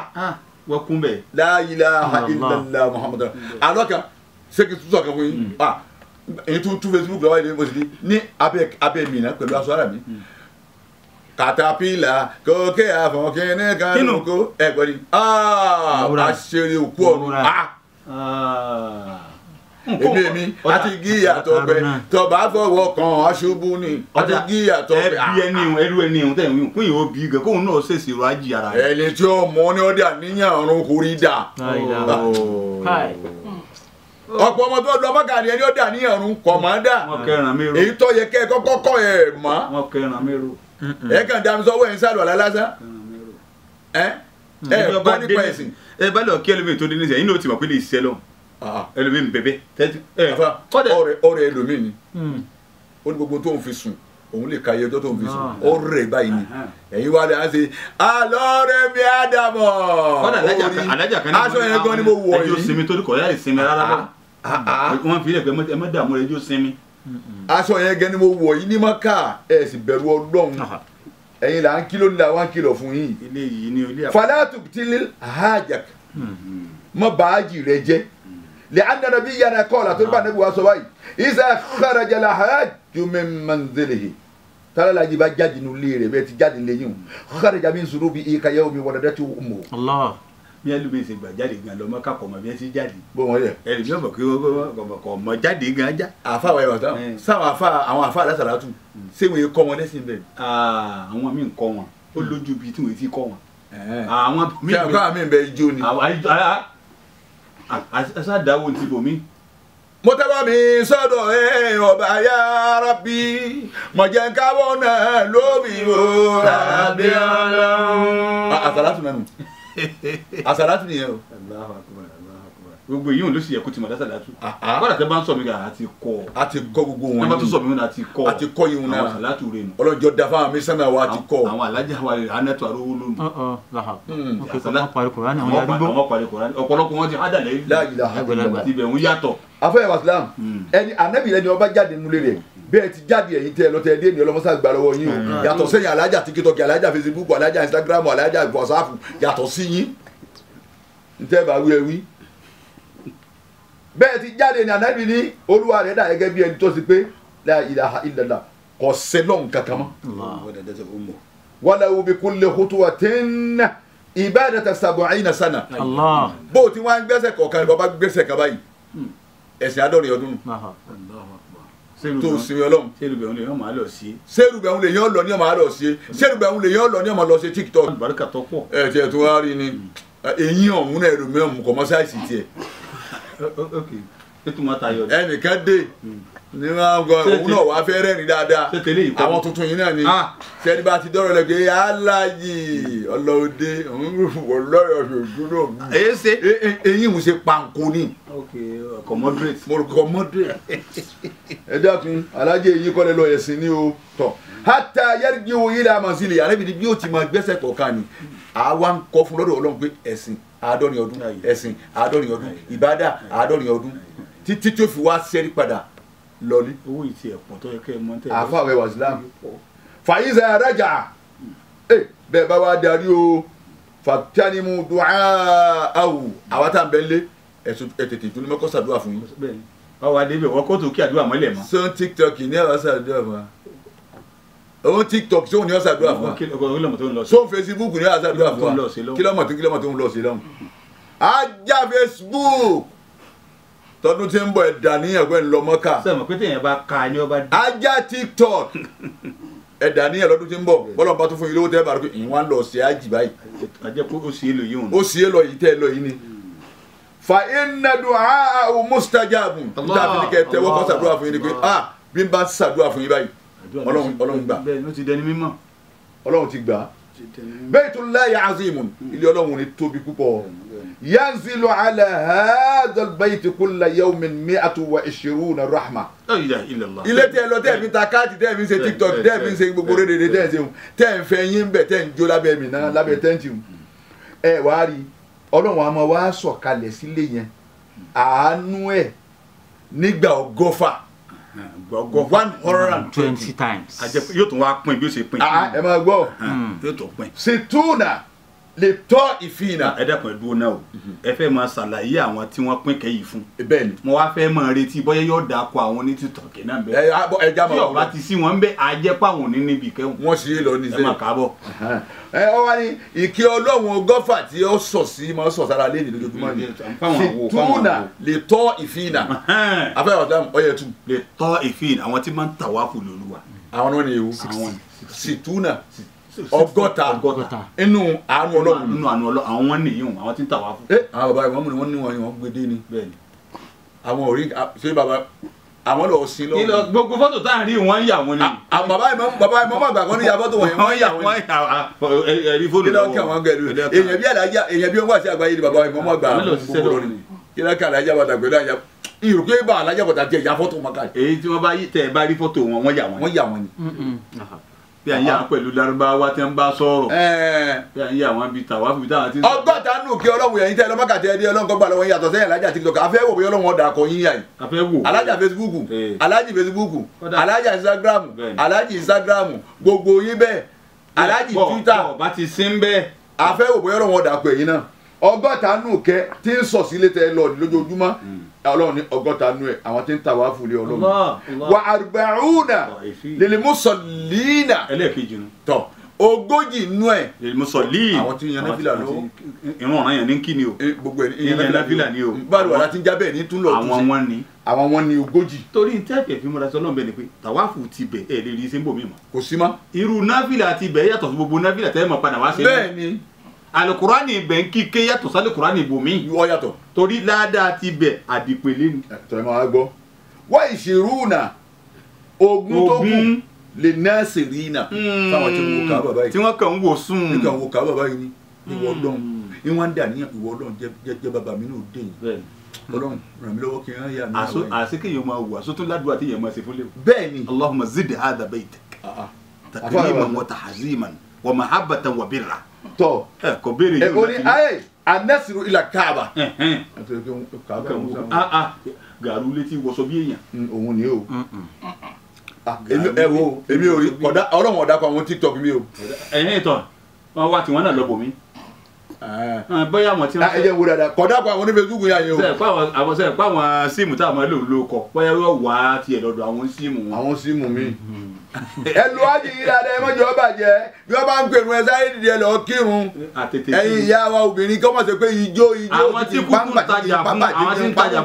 wọ́n kún la ilaha illallah muhammadu alọ́ kan seki tuntun kan fún yín hmm. ah, èyí tún tún facebook lọ́wọ́ yìí mo sì ní abẹ́ abẹ́ mi náà pẹ̀lú aṣọ ara mi hmm. katapila kókè àfọ̀kẹ́ni kanu kó ẹ̀gbọ́n ni aṣèrè ah, òkú ọ̀run èmi èmi àti gíyà tọpẹ tọba fọwọ́ kan aṣubú ni àti gíyà tọpẹ. ẹbí ẹni ah, ìhun ah. ẹrú ẹni ìhun tẹ̀ ìhun kún ìhó bí gẹ kóun náà ṣèṣì rọ ajì ara rẹ. ẹni tí ó mọ ní ọdẹ àníyàn ọrùn kò rí dà. Ah. ọ̀pọ̀ ọmọ tó lọ mọ́kàlì ẹni ọdẹ àníyàn ọrùn kọ̀ máa dà èyí tó yẹ kẹ́ ẹ kọ́kọ́ kọ́ ẹ mọ́. ẹ kàn dá mi sọ wẹ́n sálọ̀ lálásán ẹ ẹ kọ́ nípa ẹ̀sìn. ẹ bá lọ kí ẹlòmíì tó dé nísìnyí inú ò ti mọ̀ pé lè ṣiṣẹ́ lọ́hùn ẹlòmí ń bẹ̀bẹ̀ ọ̀rẹ́ ẹlòmí ni hmm. ó ní gbogbo tó ń fi sùn òun lè ka iye ọjọ́ tó ń fi sùn ah. ó rẹ̀ báyìí ni ẹ̀yin wá lè á ṣe alọ́rẹ́ mi àdàmọ̀ orí aṣọ yẹn gan ni mo wọ̀ yìí. ẹjọ́ sinmi torí kọ̀ yá ìsinmi rárá bọ̀ ah, ah, wọ́n fi ilẹ̀ pé ẹ má dààmú ẹjọ́ sinmi. aṣọ yẹn gan ni mo wọ̀ yìí ní mọ́kà ẹ̀ sì bẹ̀rù ọlọ́run ẹ̀yin là ń kìlọ̀ nílà wá ń kìlọ̀ fún yín. falatu tilil hajak mọ hmm, hmm. bàájì rẹ jẹ́ لأن نبينا قال تربى النبي وصوي إذا خرج الحاج من منزله ترى لا jiba jáde nu léere bẹẹ ti jáde lẹ́yìn o xaraja mi sunu bi i ka yaw mi wọdọ dẹti o mọ. Allah bí ẹlú mi ṣe gbà jáde gan lọ mọ ká kọmọ bí ẹ ti jáde. bó wọn yẹ. ẹlú mi ò mọ kí wọn kọmọ jáde gan já. àfa wa yẹ wà tán sáwọn àfa àwọn àfa alásàlátù sẹ́wọ̀n hmm. yẹ kọ́ wọn lẹ́sìn bẹ́ẹ̀. mi ń kọ́ wọn ó lójú bíi tí wọ́n ti kọ́ wọn. àwọn mi bẹ jó ni. Asa dáwọ́ ní ti bò mí. mo tẹ́wọ́ mi sọ́dọ̀ ẹ ọba ya Rabbi mo jẹ́ káwọ́ náà lómi o àbí ọlọ́run. àṣàlátù náà
àṣàlátù
nìyẹn o gbogbo èyí òun ló sì yẹ kó ti mọ̀ dáadáa tù kọ́dà tẹ́ bá ń sọ mi kà á ti kọ́ a ti kọ́ gbogbo wọn yìí tẹ́ bá tún sọ mi náà a ti kọ́ a ti kọ́ yìí náà àwọn àlátù rẹ̀ nù ọlọ́jọ́ dafa àmì sànà wa a ti kọ́ àwọn alájà wa rẹ̀ anẹ́tọ̀ arówó lónìí. ọ̀pọ̀lọpọ̀ wọn ti hádà lẹ́yìn ibẹ̀ ń yàtọ̀. afẹ́ wàsílám hmm. ẹni anabi ẹni ọba jáde nulẹ̀ rẹ̀ bẹ́ẹ̀ ti jáde ẹ̀yin tẹ́ ẹ lọ́tẹ́ ẹdí ènìyàn lọ́mọ́sá gbà lọ́wọ́ yín o hmm. Hmm. yàtọ̀ sẹ́yìn alájà tiktok alájà facebook alájà instagram alájà whatsapp yàtọ̀ sí yín ntẹ́ bá wí ẹ wí bẹ́ẹ̀ ti jáde ní anabi ní olúwa rẹ̀ dà gẹ́gẹ́ bí ẹni tó ti pé la ilaha illallah kò sẹ́lọ̀n kankan mọ́. wàlẹ̀ òbí kulli khutuwatin ibadata sab'ina sana. bó o ti wá ń gbẹ́sẹ̀ kọ̀ọ̀kan lọ́ba gbẹ́sẹ̀ kaba yìí ẹ̀sìn àádọ́rin ọdún tó sin ọlọ́run sẹ́rùbẹ̀ òun lè yàn máa lọ sí sẹ́rùbẹ̀ òun lè yàn lọ ní ọmọ àlọ́ sí sẹ́rùbẹ̀ òun lè yàn lọ ní ọmọ lọ sí tiktok ẹnìkan dé hmm. ní wọn gbọ́ òun náà wàá fẹ́ rẹ́rìn dáadáa àwọn tuntun yìí náà ni sẹni ah. bá ti dọ̀rọ̀ lẹ pé aláyè ọlọdẹ ọlọrọ ọdún náà mi. èyí ṣe e, e, eyín mi ṣe panko ni. commodore. mo rò commodore. ẹ dákun alájẹ eyín kọ́lẹ́ lọ ẹ̀sìn ni o tọ̀ hátà yẹ́rìndínwó yìí la màsílẹ̀ àrẹ́bìnrin bí ó ti máa gbẹ́sẹ̀ kọ̀ọ̀kan ni àwa ń kọ́ fún lọ́dọ̀ ọlọ́run pé ẹ̀sìn àádọ́rin ọdún ẹ̀sìn àádọ́rin ọdún ìbádà àádọ́rin ọdún títí tó fi wá sẹ́rí padà lọ́lí. owó ìtì ẹ̀pọ̀ tó yẹ kẹ́ ẹ mọ́ tẹ́lẹ̀. àfa rẹ̀ wà sílám fàyíṣẹ́ arájà bẹ́ẹ̀ bá wá darí o fàtánimù dùnà àwù àwa tá à ń bẹ́ lé ẹ̀sùn ẹ̀tẹ̀tẹ̀ tó ní mọ́kọ́ sàdúrà fún yín. báwa débẹ̀ wọ́n kó tiktok ní àwọn sàdúrà òun tiktok sóhun ni ó ṣàdúrà fún wa sóhun facebook ni ó ṣàdúrà fún wa kílọ̀mọ̀ tó kílọ̀mọ̀ tó ń lọ sí lọ́hùn. ajá facebook tọdún tí ń bọ̀ ẹ̀dà níyàn pé ń lọ mọ́kà. ajá tiktok ẹ̀dà níyàn lọ́dún tí ń bọ̀ bọ́lọ̀ bá tún fún yín lówó tẹ́ bá pé ìwọ̀n á lọ sí ájì báyìí. ajẹ́ pé ó sì é lọ yìí òun. ó sì é lọ yìí tẹ́ ẹ lọ yìí ni fa inna du'a mustajabun. níta fi ni kẹ́ tẹ́wọ́ kọ́ ṣàdúrà fún yín ni pé ah bí n bá ṣàdúrà fún yín báyìí ọlọ́run gbà ọlọ́run ti gbà baytullahi azimun hmm. ilé ọlọ́run ni tóbi púpọ̀ yanzilu ala hadha albayti kulla yawmin mi'atu wa ishiruna rahma. ilé tẹ lọ tẹ mi ta káàdì tẹ mi ṣe tiktok tẹ mi ṣe gbogbo rédèrè tẹ ṣe tẹ n fẹ́ yín bẹ tẹ n jó lábẹ́ mi náà hmm. lábẹ́ tẹǹtì ẹ wàá rí ọlọ́run àmọ́ wàá sọ̀kalẹ̀ sílé yẹn hmm. àánú ẹ̀ nígbà ọgọ́fà
gbọ́gọ́ one hundred and twenty times. yóò tún wá pín bí ó ṣe pín. Ah, ẹ máa gbọ́. Hmm. yóò tún pín.
situna lè tọ́ ìfihàn. ẹ dẹ́kun ẹ dúró náà o mhm. ẹ fẹ́ máa ṣàlàyé àwọn tí wọ́n pín kẹ́yìí fún. Eh, bẹ́ẹ̀ ni. mo wá fẹ́ máa retí bóyá yóò dà kó àwọn ní títọ̀ kẹ́ náà bẹ́ẹ̀. ẹ eh, abọ ẹ já ma wọ. tí ọba ti sí wọn bẹ ajẹpọ àwọn ní níbi kẹwọn. wọn sì lọ ní sẹ. ẹ máa kábọ. ẹ ọ wá ní ìkẹ́ ọlọ́run ọgọ́fà tí ó sọ sí máa sọ sára lé ní lójoojúmọ́ ni. fìtúnà lè tọ́ ìfihàn. afẹ́ àwọn ọgọ́ta inú àánú ọlọ́run inú àánú ọlọ́run àwọn wọn nìyí wọn àwọn tí ń tà wá fún. ẹ eh, àwọn bàbá ìwọ́n mú ni wọ́n ní wọn ni wọ́n gbé dé ni àwọn ò rí ṣé bàbá àwọn lọ sí lọ. ilọ gbogbo fọ́tò tá à ń rí wọn yà wọn ni. bàbá ìmọ̀ bàbá ìmọ̀ bàbá kan ní ya fọ́tò wọ̀nyẹn wọ́n yà wọn ni. ẹ̀rí fóònù lọ́wọ́ ilọ̀ kẹwọn gẹ̀lú èèyàn bí alájà èèyàn bí wọ́n àti àgbáyé ni bàbá ìmọ̀ mọ̀ gbà gbogbo lọ ni. ilọ̀ kẹ alájà bàtà pẹ̀lú àjà ìrùkú ibà alájà bàtà jẹ ìyá fọ́tò wọn kàlẹ̀. èyí tí wọ́n bá tẹ̀ bá rí fọ́tò wọn wọ́n yà wọn ni bí à ń yà pẹ̀lú Lárúbáwá tí wọ́n bá sọ̀rọ̀ bí à ń yà wọn bíi tàwa fún táwọn ti. ọgọ́ta nù kí ọlọ́run yẹn tẹ́ lọ́mọ kàtẹ́ ẹdí ọlọ́run kọ́gbà lọ́wọ́ yàtọ̀ sẹ́yìn alájà tiktok afẹ́ wò bí ọlọ́run ọ̀dà kọ́ yín yà yìí. afẹ́ wò alájà facebook alájì facebook alájà instagram alájì instagram gbogbo yín bẹ́ẹ̀ alájì twitter afẹ́ wò bí ọlọ́run ọ̀dà kọ́ ọlọ́run ní ọgọ́ta nú ẹ̀ àwọn tí ń ta wàá fúlẹ̀ ọlọ́run wà àrùbáúnà lèlèmùsọ̀lìínà ẹlẹ́ẹ̀kejì nu tọ̀ ogójì nú ẹ̀ lèlèmùsọ̀lìínà àwọn tí yan náfìlà ló ìran ọ̀ràn yẹn ní kí ni o eh, gbogbo ẹ̀ yan náfìlà ni o báwo wà láti jábẹ́ ẹ̀ ní tún lọ tún sí àwọn wọn ni àwọn wọn ni ogójì. torí ní tẹ́ẹ̀kì ẹ̀fín múra sọ́nà bẹ́ẹ̀ ni pé tàwáàfù ti bẹ̀ ẹ̀ lè rí sẹ́ńbọ̀ mi mọ̀. kò sí mọ́. irú náfìlà ti bẹ̀ yàtọ̀ sí gbogbo náfìlà tẹ́ẹ̀ mọ̀ padà wá sí. bẹ́ẹ̀ ni alukurani ibẹ̀ ń kíké yàtọ̀ sí alukurani ibòmí. wọ́n yàtọ̀. torí ládàá ti bẹ̀ àdìpẹ̀lẹ́ ni. tẹ̀lé máa gbọ́ wọ́n ìṣirú nà ogun tó kù lè nẹ́ẹ̀sì rí nà. Hmm. fáwọn tí wọ́n kà bàbá yìí. tí wọ́n kàn ń wò sùn. tí wọ́n kà bàbá yìí ni hmm. ìwọ ọlọ́run ni wọ́n ń dà ní ìwọ ọlọ́run jẹ́ bàbá mi ní òde yìí. ọlọ́run ràn mí lọ́wọ́ kí n yà mí. àṣekè yẹn máa wù àṣetún ládùúgbò àti yẹn máa ṣe fúnlẹ̀. bẹ́ẹ̀ni. Allahumma zid hadha baytak ah, ah. takriman wa tahziman wa mahabbatan wa birra tọ kò béèrè yìí o ní ayé anasiru ila kaaba. gàrú létí wọṣọ bí èèyàn. Mm, òun ni o ah, ẹ wo èmi ò rí ọlọ́run ọ̀dà kan àwọn tiktok mi o. ẹ̀yin ìtọ̀ wọn wá tiwọn náà lọ́bọ̀ mi. Ah. Ah, bóyá àwọn tí wọ́n. ẹ jẹ́ wo dada kọ̀dá kan àwọn onífẹ̀ẹ́ dúkùn yà yẹn o. sẹ́ẹ̀ pàwọn àwọn sẹ́ẹ̀ pàwọn síìmù táwọn máa lò ló kọ bóyá yóò wá tiẹ̀ do àwọn síìmù wọn. àwọn síìmù mi. Mm-hmm ẹ lu ájì yìí dáadáa ẹ má jọ bàjẹ́ bí wọ́n bá ń pèrún ẹ sáré dìde lọ kírun ẹ̀yin ìyá wa obìnrin kọ́ mọ̀ sí pé ijó ijó ti pàmò àti àwọn tí ń tajà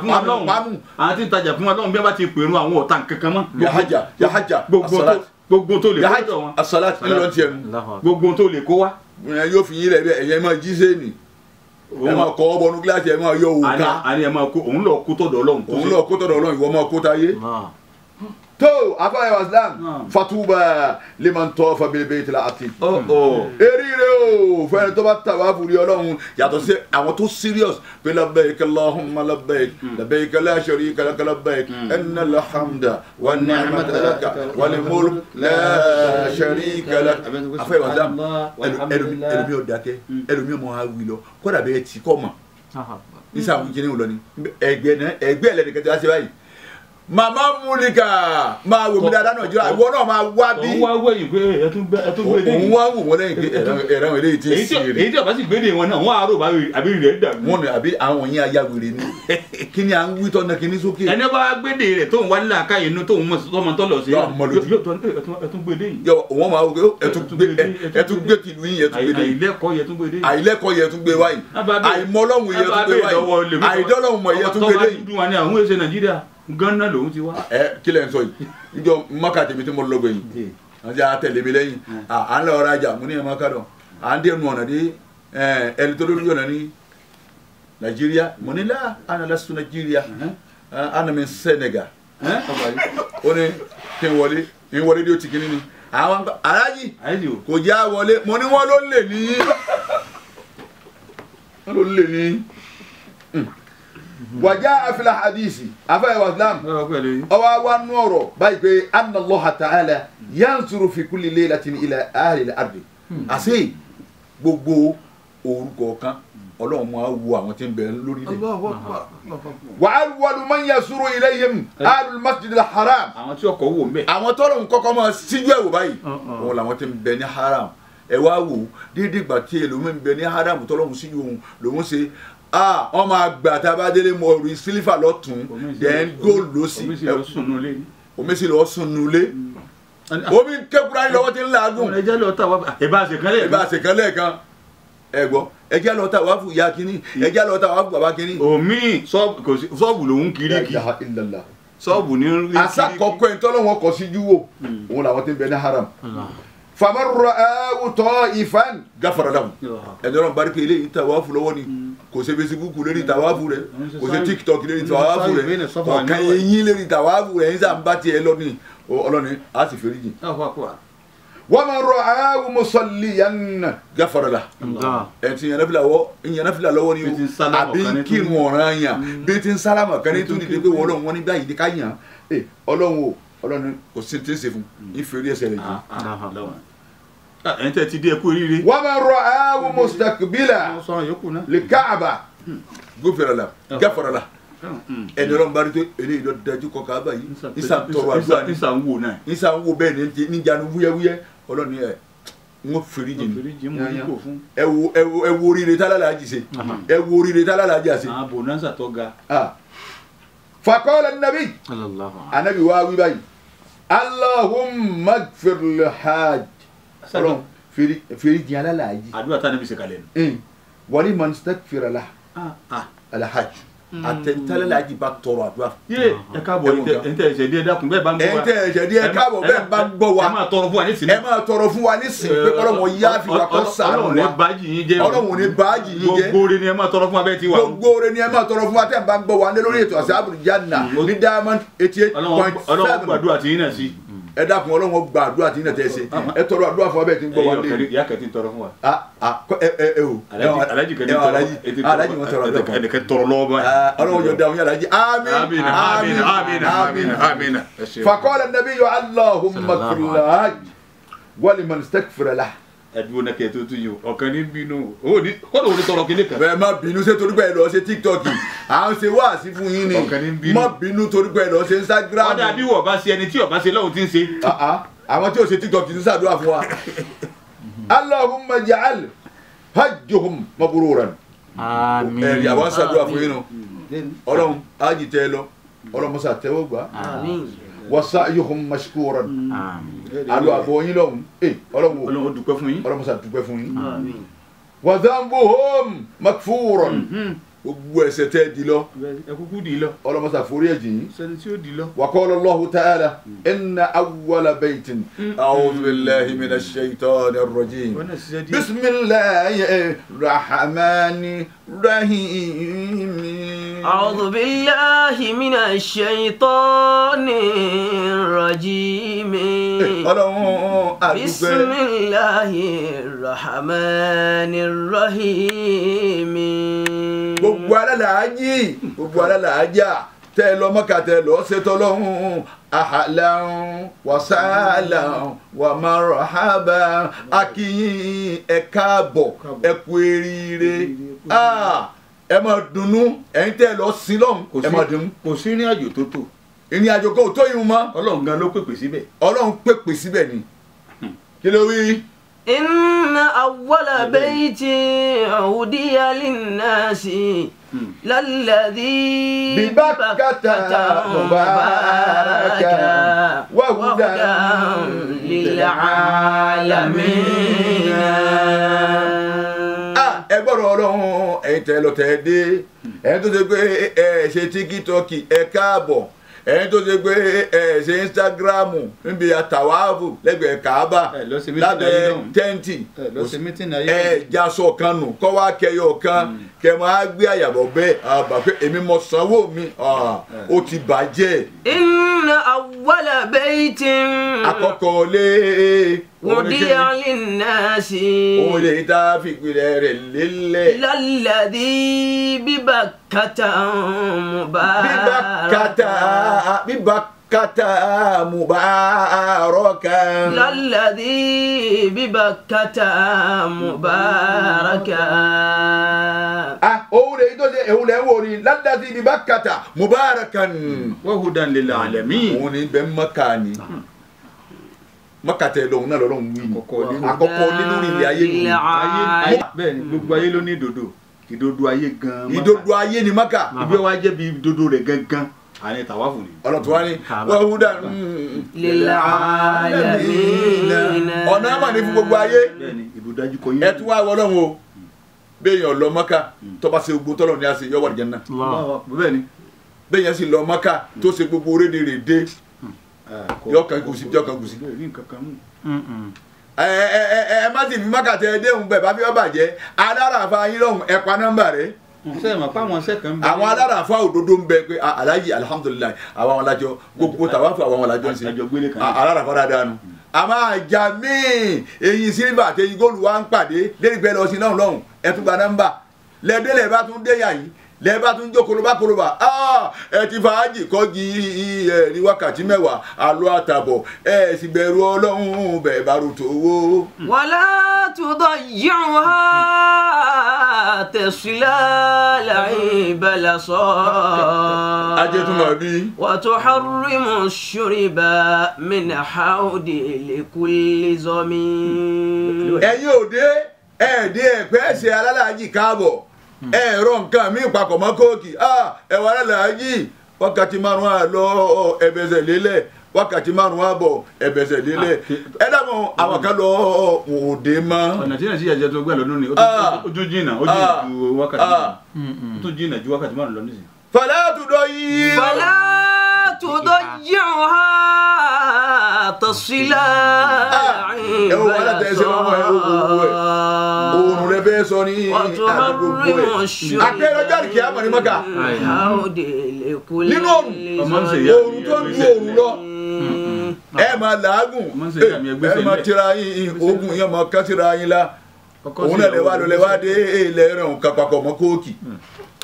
fún ọlọ́run bí wọ́n bá ti pèrún àwọn ọ̀tá kankan mọ́. gbogbo tó lè kó wá gbogbo tó lè kó wá. yóò fi yín lẹ bẹ ẹyẹ máa jí sẹ́ni ẹ máa kọ́ ọ́ gíláàsì ẹ máa yọ òun ká. òun lọ kó tọ̀dọ̀ ọlọ́run. òun lọ kó tọ̀dọ̀ ọlọ́run ìwọ máa kó táyé tó afa yẹ wasilam ah. fatuba liman tọfa belebele la ati. Oh, hmm. oh. erire o fẹn tó bá tawafu lé Ọlọ́run yàtọ̀ sí àwọn tó serious pé labbaik Allahumma labbaik hmm. labbaik la sharika laka labbaik hmm. innal hamda wa ni'mata laka wal mulk la sharika laka. afa yẹ wasilam ẹlòmí yóò dákẹ́ ẹlòmí yóò máa wí lọ kódà bẹ́ẹ̀ ti kọ́ ma. isa jẹnẹ wulọ ni ẹgbẹ́ ẹlẹ́dẹ̀kẹ́ tó yà sẹ́wáyì màmá múlíkà máa wò mí dáadáa nàìjíríà ìwọ náà máa wá bí. òun wá wọ èyí pé ẹ tún gbé dé. òun wá wò wọn lẹ́yìn pé ẹran eléyìí ti sí èyí tí ọba sì gbé dé wọn náà wọn àárò àbí rẹ dà. wọn àbí àwọn yẹn ayáwèrè ni kí ni à ń wí tọ́nà kí ni sókè. ẹni bá gbé dé rẹ tóun wá nílà káyé inú tóun mọ tọ́lọ̀ sí. yóò tún gbé dé gbé kìlú yìí ẹ tún gbé dé gánà lòun ti wá. ẹ kí lẹ ń sọ yìí njọ maka tèmi tí mo lọ gbẹ̀yìn àti àtẹlẹ mi lẹ́yìn à ń lọ rajà mo ní ẹ maka dọ à ń dẹnu ọ̀nà dé ẹni tó lórí ọ̀nà ní nàìjíríà mo ní là ànàlà sùn nàìjíríà ànàmì Senegal ó ní kí n wọlé n wọlé ní o ti kíní ni àwọn aláàjì kò já wọlé mo ní wọn ló lè ní wọn ló lè ní. Mhm. wàjà àfilà hadisi afẹ́yẹwà islam ọwọ́ awa nù ọ̀rọ̀ báyìí pé anna Allaha ta'ala yansuru fi kulli laylatin ila ahli al-ardi àṣẹ hmm. gbogbo òru kọ̀ọ̀kan ọlọ́run máa wo àwọn tí ń bẹ lórí ilẹ̀. wà á wọlé máa ń yẹ alul masjid la haram. àwọn tí ọkọ̀ wò ń bẹ̀. àwọn tọ́lọ̀ ń kọ́kọ́ máa síjú ẹ̀ báyìí. wọn ah, ah. làwọn tí ń bẹ ní haram ẹ wá wò ó dídí ìgbà tí èlòmí ń bẹ ní haram tọ́lọ́hún sí yòówù lòún ṣe ah wọn máa gbà tá a bá délé mọ orí sílífà lọ́tún then gold ló sì omi sì lọ sùn nulẹ̀ omi kékura ni lọ́wọ́ ti ń làágùn. ẹ jẹ́ lọ tà wá ìbá àṣekánlẹ̀ kan. ìbá àṣekánlẹ̀ kan ẹ gbọ́ ẹ jẹ́ lọ tà wá fún ìyá kínní ẹ jẹ́ lọ tà wá fún bàbá kínní. omi sọ́ọ̀bù lòún kiri kì sọ́ọ̀bù ní. àṣà kọ̀ọ̀kan ìtọ́lọ́wọ́n kọ̀ síjú wo hmm. òun làwọn ti ń bẹ ní haram. Allah famarra awutọ ifan gafaradamu ẹdọrọn barika ele yi tawafu lọ́wọ́ ni mm. kò ṣe fesibuku lórí tawafu rẹ̀ mm. Mm. kò ṣe tiktok lórí tawafu rẹ̀ ọkàn eyin lórí tawafu rẹ̀ ẹnza n ba tiẹ̀ lọni ọlọni a sì feere jìn wamarra awu musaliyan gafarada ẹti yẹnẹfila wọ yẹnẹfila lọ́wọ́ ni o a bẹ kiri wọran yan bẹ salama kani ni de pe wọlọn wọni bẹ de ka yan ee ọlọn wo ọlọ́run kò sí tí ń ṣe fún hmm. ìfèrí ẹsẹ̀ rẹ̀ yìí. Ah, ah, ah, ẹ̀yin tẹ́ ti dé ẹkú oríire. wọ́n máa rọ àwọn mustaqbila likaaba hmm. gúfèrèlà gẹ́fọ̀rọ̀là hmm, ẹni ọlọ́run bá rí tó eléyìí lọ dájú kọ káàbà yìí ìsàn tọrọ àdúrà ni ìsàn wò náà ìsàn wò bẹ́ẹ̀ ní ìjánu wúyẹ́wúyẹ́ ọlọ́run yẹn wọn fèrè jẹ mi ẹ wo ẹ wo ẹ wo oríire tálá la jìse ẹ wo oríire tálá la jàse.
bonanza tó ga.
fakọ́lá nàbí anabi wa wí báyìí. Allahumma ighfir li hajj ọlọ́run fèrè jìn alálàájì.
àdúrà tá a níbi ṣe kalẹ̀
nù. wàlí man istakfir alah alahajj. Ah, ah atẹnitẹlẹ mm. la jìbá tọrọ àdúrà. yé ẹ káàbọ̀ ẹ tẹ ẹsẹ̀ díẹ̀ dákun bẹ́ẹ̀ bá ń gbọ́ wa ẹ tẹ ẹsẹ̀ díẹ̀ káàbọ̀ bẹ́ẹ̀ bá ń gbọ́ wa ẹ máa tọrọ fún wa nísìnyí. ẹ máa tọrọ fún wa nísìnyí pé ọlọ́run yá fi wà kọ́ sàánù wa ọlọ́run ní báàjì yín jẹ́ ọlọ́run ní báàjì yín jẹ́ gbogbo ore ni ẹ máa tọrọ fún wa bẹ́ẹ̀ ti wà. gbogbo ore ni ẹ máa tọrọ fún wa tẹ̀ ń bá ń wa ní lórí ètò àṣà àbùrù jáde náà ní diamond eighty ẹ dákun ọlọ́run gba àdúrà tí ń tẹ̀ ṣe ẹ tọrọ àdúrà fún abẹ́ẹ̀ tí ń gbọ́ wa lé. ìyá kẹ́tì tọrọ fún wa. Ah, ah, ẹ ẹ ẹ o alaji kẹ́tì tọrọ alaji wọn tọrọ àdúrà kan. ẹnìkan tọrọ lọ́wọ́ báyìí. Ah, ọlọ́run yóò dáhùn yá alaji àmín àmín àmín àmín. fakọ́lẹ̀ nàbí yọ allahumma kullah wàlímọ̀ ẹdúró náà kẹ tó tún yìí o ọkàn ní bínú o ní kọ́dọ̀ òní tọrọ kìíní kan. bẹ́ẹ̀ má bínú ṣé torí pé ẹ lọ ṣe tiktok à ń ṣe wáàsí fún yín ni má bínú torí pé ẹ lọ ṣe instagram. ọ̀dà bí wọ́n bá ṣe ẹni tí ọ̀bá ṣe lọ́hùn ti ń ṣe. àwọn tí ò ṣe tiktok ń ṣàdúrà fún wa. Allahumma ja'al hajjuhum mabruran.
àmín ẹ̀rì àwọn ṣàdúrà fún yín nu
ọlọ́run ájì tẹ́ lọ ọlọ́run mọ́sà tẹ́wọ́ gbà. àmín وسعيهم مشكورا امين الو وذنبهم مكفورا gbogbo ẹ̀ṣẹ̀ tẹ́ di lọ. ẹkúkú di lọ. ọlọmọsà forí ẹjì yìí. sẹni tí ó di lọ. wa qala Allahu ta'ala inna awwala baytin. a'udhu billahi minash shaitani rrajim. bismillahir rahmanir rahim. a'udhu
billahi minash shaitanir rajim. ọlọ́run àdúgbò. bismillahir rahmanir rahim
gbogbo alálàájì gbogbo alálàájà tẹ ẹ lọ mọ́kà tẹ ẹ lọ ṣètò ọlọ́run ahlan wa sahlan wa marhaban akínyìn ẹ káàbọ̀ ẹ kú eríire ẹ máa dunnú ẹ̀yin tẹ ẹ lọ sí ẹ máa dunnú. kò sí ìrìn àjò tó tò. ìrìn àjò kò tó yìí mọ́. ọlọ́run gan ló pèpè síbẹ̀. ọlọ́run pèpè síbẹ̀ ni hmm. kí ló wí.
إن أول بيت عودي للناس للذي ببكة مباركا وهدى
للعالمين ẹ gbọ́dọ̀ ọlọ́run dé ẹ̀yin tó ṣe ẹ ṣe tíkítọ́ọ̀kì ẹ káàbọ̀ ẹni tó ṣe pé ẹ ṣe Instagram níbi àtàwáàbù lẹ́gbẹ̀ẹ́ kaaba lábẹ́ tẹ́ǹtì ẹ jaṣọ kan kẹyọ kan mm. kẹ máa gbé àyàbọ̀ bẹ́ẹ̀ bàbá èmi mọ sanwó mi ó ti bàjẹ́.
inna awwala baytin. àkọ́kọ́ lé. Wòdíyà lin-nasi. Òun lè
ta fìpìlẹ̀ rẹ̀ lélẹ̀. Lálàdí bíbà kata mubarak. bíbá kata bíbá kata mubarakan.
lalladhi bíbá kata mubarakan.
a òun rẹ̀ yìí tó ṣe èhun lẹ́ ń wò ni lalladhi mubarakan. wa hudan lil alamin. òun ni bẹ́ẹ̀ mọ́kà ni mọ́kàtà ẹ̀ lọ́hùn náà lọ́hùn wí ni àkọ́kọ́ nínú ilé ayé nù. bẹ́ẹ̀ ni gbogbo ayé ló ní ìdòdò ìdodo ayé gan maka ìdodo ayé ni maka ibi wa jẹ bi ìdodo rẹ gangan àní tàwáfù ni. ọ̀rọ̀ tó wá ní wọ́n wú dà
lil alamin ọ̀nà àmà ní fún gbogbo ayé
ẹ tún wá wọlọ́run o béèyàn lọ maka tó bá ṣe gbogbo tọ́lọ̀ ní àṣẹ yọ wà janna béèyàn sì lọ maka tó ṣe gbogbo rédèrèdè hmm. yọ kan yọ kan ẹ ẹ ẹ má ti fi mákàtà ẹ déhùn bẹ́ẹ̀ bá fi ọ́ bàjẹ́ aláràfà yín lọ́hùn ẹ pa nọ́mbà rẹ̀ àwọn aláràfà òdodo ń bẹ pé aláàjì alihamudulilayi àwọn alájọ gbogbo tàwa fún àwọn alájọ ń sè aláràfà dáadáa nu àmọ́ àjà míì eyín sílífà àti eyín góòlù wa ń pàdé dérí pẹ́ lọ sí náà lọ́hùn ẹ tún gba nọ́mbà lẹ́dẹ́lẹ̀ bá tún dé yà yìí lẹ́ẹ̀bá tún jó koroba koroba ẹ ti fàájì kọ́jì ẹ ní wákàtí mẹ́wàá àlọ́ àtàbọ̀ ẹ sì bẹ̀rù ọlọ́run bẹ̀ẹ̀ bá rò tó wó.
wàlá tuntun yíyan wá tẹ̀sílá láì bẹ̀lẹ̀ sọ. ajé tún mọ̀ bí. wàtò harimu ṣùrìbà mina haudi
lèkulè zọmi. ẹ̀yin òde ẹ̀ẹ́dẹ́ ẹ̀pẹ́ ṣe alálàájì káàbọ̀ ẹ̀rọ nǹkan mi papọ̀ mọ́ kóòkì ẹ̀wà rẹ̀ là á yí wákàtí márùn-ún àlọ́ ẹ̀bẹ̀sẹ̀ lélẹ̀ wákàtí márùn-ún àbọ̀ ẹ̀bẹ̀sẹ̀ lélẹ̀ ah, ẹ dàgbọ́n àwọn kan lọ òde mọ́. ọ̀nà tí nàìjíríà jẹ́ tó gbẹ́ lọ́dún ni ó tún jìnnà ó ah, ah. jìnnà ju wákàtí márùn-ún lọ nísìnyí. fàlà tó dọ̀ yìí. fàlà
tó dọ̀ yìí hàn. تصلا ah, ẹwọ wàhálà tẹ ẹsẹ يا ẹ wò wò ẹ oòrùn rẹ bẹ
sọ ní àdúgbò ẹ akẹ́rọ jáde kìí àmọ̀ ní mọ́kà nínú oòrùn oòrùn tó ń du oòrùn lọ máa làágùn ẹ máa tira yín oògùn yẹn máa kásìra yín la òun náà lẹ́wà lọ́lẹ́wà dé ilẹ̀ rẹ̀ òun kápákọ̀ kóòkì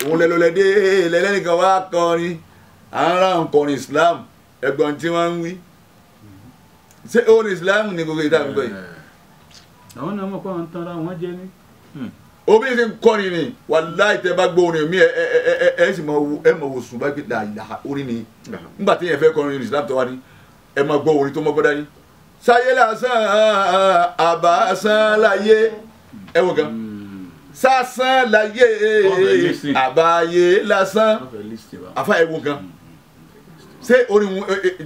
òun lẹ́lọ́lẹ́ dé ilẹ̀ lẹ́nìkan wá kọrin ara kọrin Islam ẹ̀gbọ́n tí wọ́n ń wí ṣé orin islam ni gbogbo ìta gbogbo yìí. Eh.
àwọn náà mọ̀ pé àwọn tanra wọn jẹ ní.
obìnrin ti ń kọrin ni wàláì tẹ bá gbọ́ orin mi ẹ ẹ ẹ ẹ sì mọ ẹ mọ wò sùn báyìí là là orin ni nígbà tí yẹn fẹ́ kọrin islam tó wá ní ẹ máa gbọ́ orin tó mọ́ gbọ́dá ní. sáyé lásán àbásán láyé ẹ wọ gan hmm. sásán láyé àbáyé lásán àfa ẹ wọ gan. Mm ṣé orin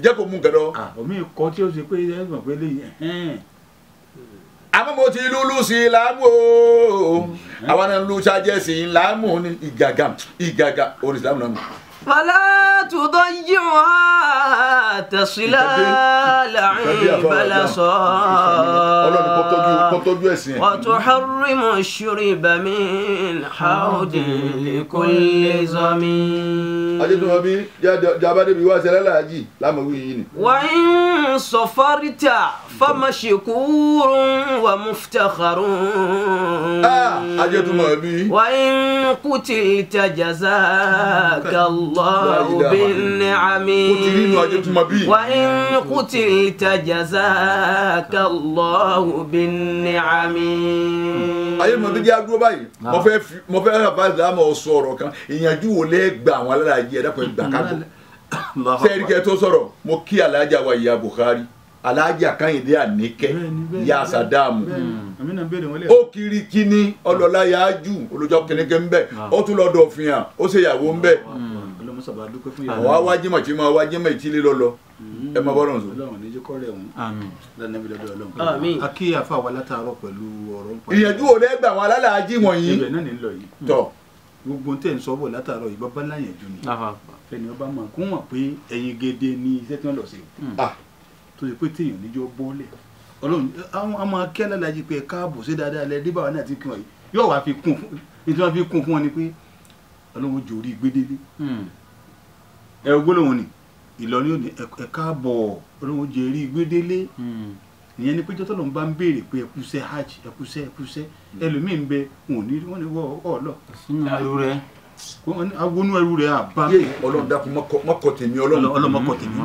jẹ́ kó mú nǹkan lọ. Ah, omi kọ tí o ṣe pé ẹ mọ̀ pé lè yẹn. àmọ́ mo ti lulu sí i láàmú o mm-hmm. àwọn náà lu ṣáájẹ́ sí i láàmú ní ìgàgà ìgàgà orin ìsìlámù náà
fàlà tùdọ̀ yí wọn tẹ̀sílẹ̀ lẹ́yìn balasọ́.
ọlọ́run kò tọ́jú kò tọ́jú ẹ̀sìn ẹ̀. wàtò
harimu ṣúrì bàmí hàwùdì kò lè zọmí.
ajẹ́tùmọ̀ bí jábá débi wá ṣẹlẹ̀ láàjì láàmú wí yìí ni. wàyí sọfárìtà
fámasìkúrún wà muftakharun. ajẹ́tùmọ̀ bí. wàyí kùtìlìtà jazakallah. الله بالنعم وإن قتلت جزاك الله بالنعم ayé mọ̀ tó
jẹ́ adúró báyìí mo ah. fẹ́ mo fẹ́ àbájá mọ̀ sọ ọ̀rọ̀ kan ìyànjú wo lè gba àwọn alálàyé ẹ̀dá kan gbà ká bọ̀ sẹ́ẹ̀rì kẹ́ tó sọ̀rọ̀ mo kí alájà wa ìyá Buhari alájà Kàyìndé Àníkẹ́ ìyá Sàdáàmù ó kiri kíní ọlọ́láyà olùjọ́ kẹ́nẹ́kẹ́ ń bẹ̀ ah. ó tún lọ́ọ́ dọ̀fìyàn ó ṣèyàwó ń bẹ̀. Ah musa bá dúpẹ́ fún yàrá. àwọn awájímọ̀ tí máa wájímọ̀ ìtílé lọ́lọ́ hmm. ẹ máa bọ́rọ̀ nsọ. ọlọ́run ní jẹ́kọ́ rẹ̀ wọ́n. àmín lọ́nà ibi lọ́dọ̀ ọlọ́run. àmín
a kí àfa wa látàárọ̀ pẹ̀lú ọ̀rọ̀ ń pa. ìyẹ̀jú ò lẹ́
gbà wọn alálàájì wọ̀nyí. ibẹ̀ náà ní lọ yìí. Hmm. tọ́ gbogbo tẹ̀ ń sọ́bọ̀ látàárọ̀ yìí bàbá láyẹ̀jú ni. fẹ́ni ọba máa kún wọn pé ẹ̀yin gèdè ni iṣẹ́ tí wọ́n lọ sí. tó ṣe hmm. pé téèyàn níjọ́ bọ́ọ̀lẹ̀ ọlọ́run àwọn àmọ́ kí alálàájì pé káàbọ̀ sí dáadáa lẹ́ débàwá náà ti kí wọn yìí yóò wá fi kún fún wọn ni pé ọlọ́run jòrí gbédélé ẹ gbólóhùn ni Ìlọrin ò ní ẹ káàbọ̀ olóhùn jẹ rí gbédélé nìyẹn hmm. ni pé jọ́tọ̀ ló ń bá ń béèrè pé ẹkúṣẹ́ hajj ẹkúṣẹ́ ẹkúṣẹ́ hmm. ẹlòmíín bẹ wọn ò ní wọn ni wọ́n ọ̀ lọ. agbónú ẹrú rẹ àbá. yé Ọlọ́run dákun mọkọ tèmi Ọlọ́run Ọlọ́run mọkọ tèmi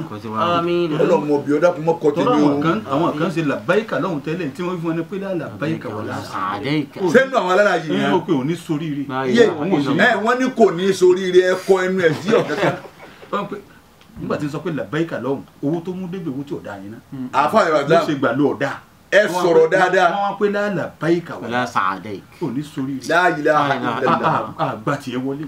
Ọlọ́run mọ bí ọ dákun mọkọ tèmi o. tọ́lá àwọn kan ṣe làbáyíkà lọ́hùn tẹ́lẹ̀ tí wọ́n fi wọn ni pé làbáyíkà wọ́n la. sẹ́nu àwọn alára yìí ni. ó pe
òní soríire. yé
wọ́n ní kò ní soríire ẹ̀kọ́ ẹnu ẹ̀ wọ́n nígbà tí n sọ pé làbáyíkà lọ́hùn owó tó mú débi owó tí ọ̀dà yẹn náà. Hmm. àfa ìwàdà mo ṣe gbà lọ ọ̀dà ẹ sọ̀rọ̀ dáadáa. wọ́n wá pé làbáyíkà
wà. la sàádẹ́yì. ò ní
sori. láàyè láàyè àgbà tiẹ̀ wọlé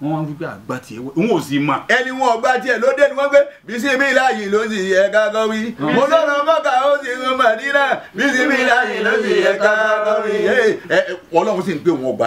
wọ́n wá wípé àgbà tiẹ̀ wọ́n n ò sì mọ̀. ẹni wọn ọgbà tiẹ̀ ló dé ni wọ́n gbé bisimi láàyè ló sì yẹ kákọ́ wí. Hmm. mo lọ́nà mọ́kà ó sì ń màdínà bisimi láàyè ló sì yẹ kákọ́ wí. ọlọ́run sì ń pè wọn ọgbà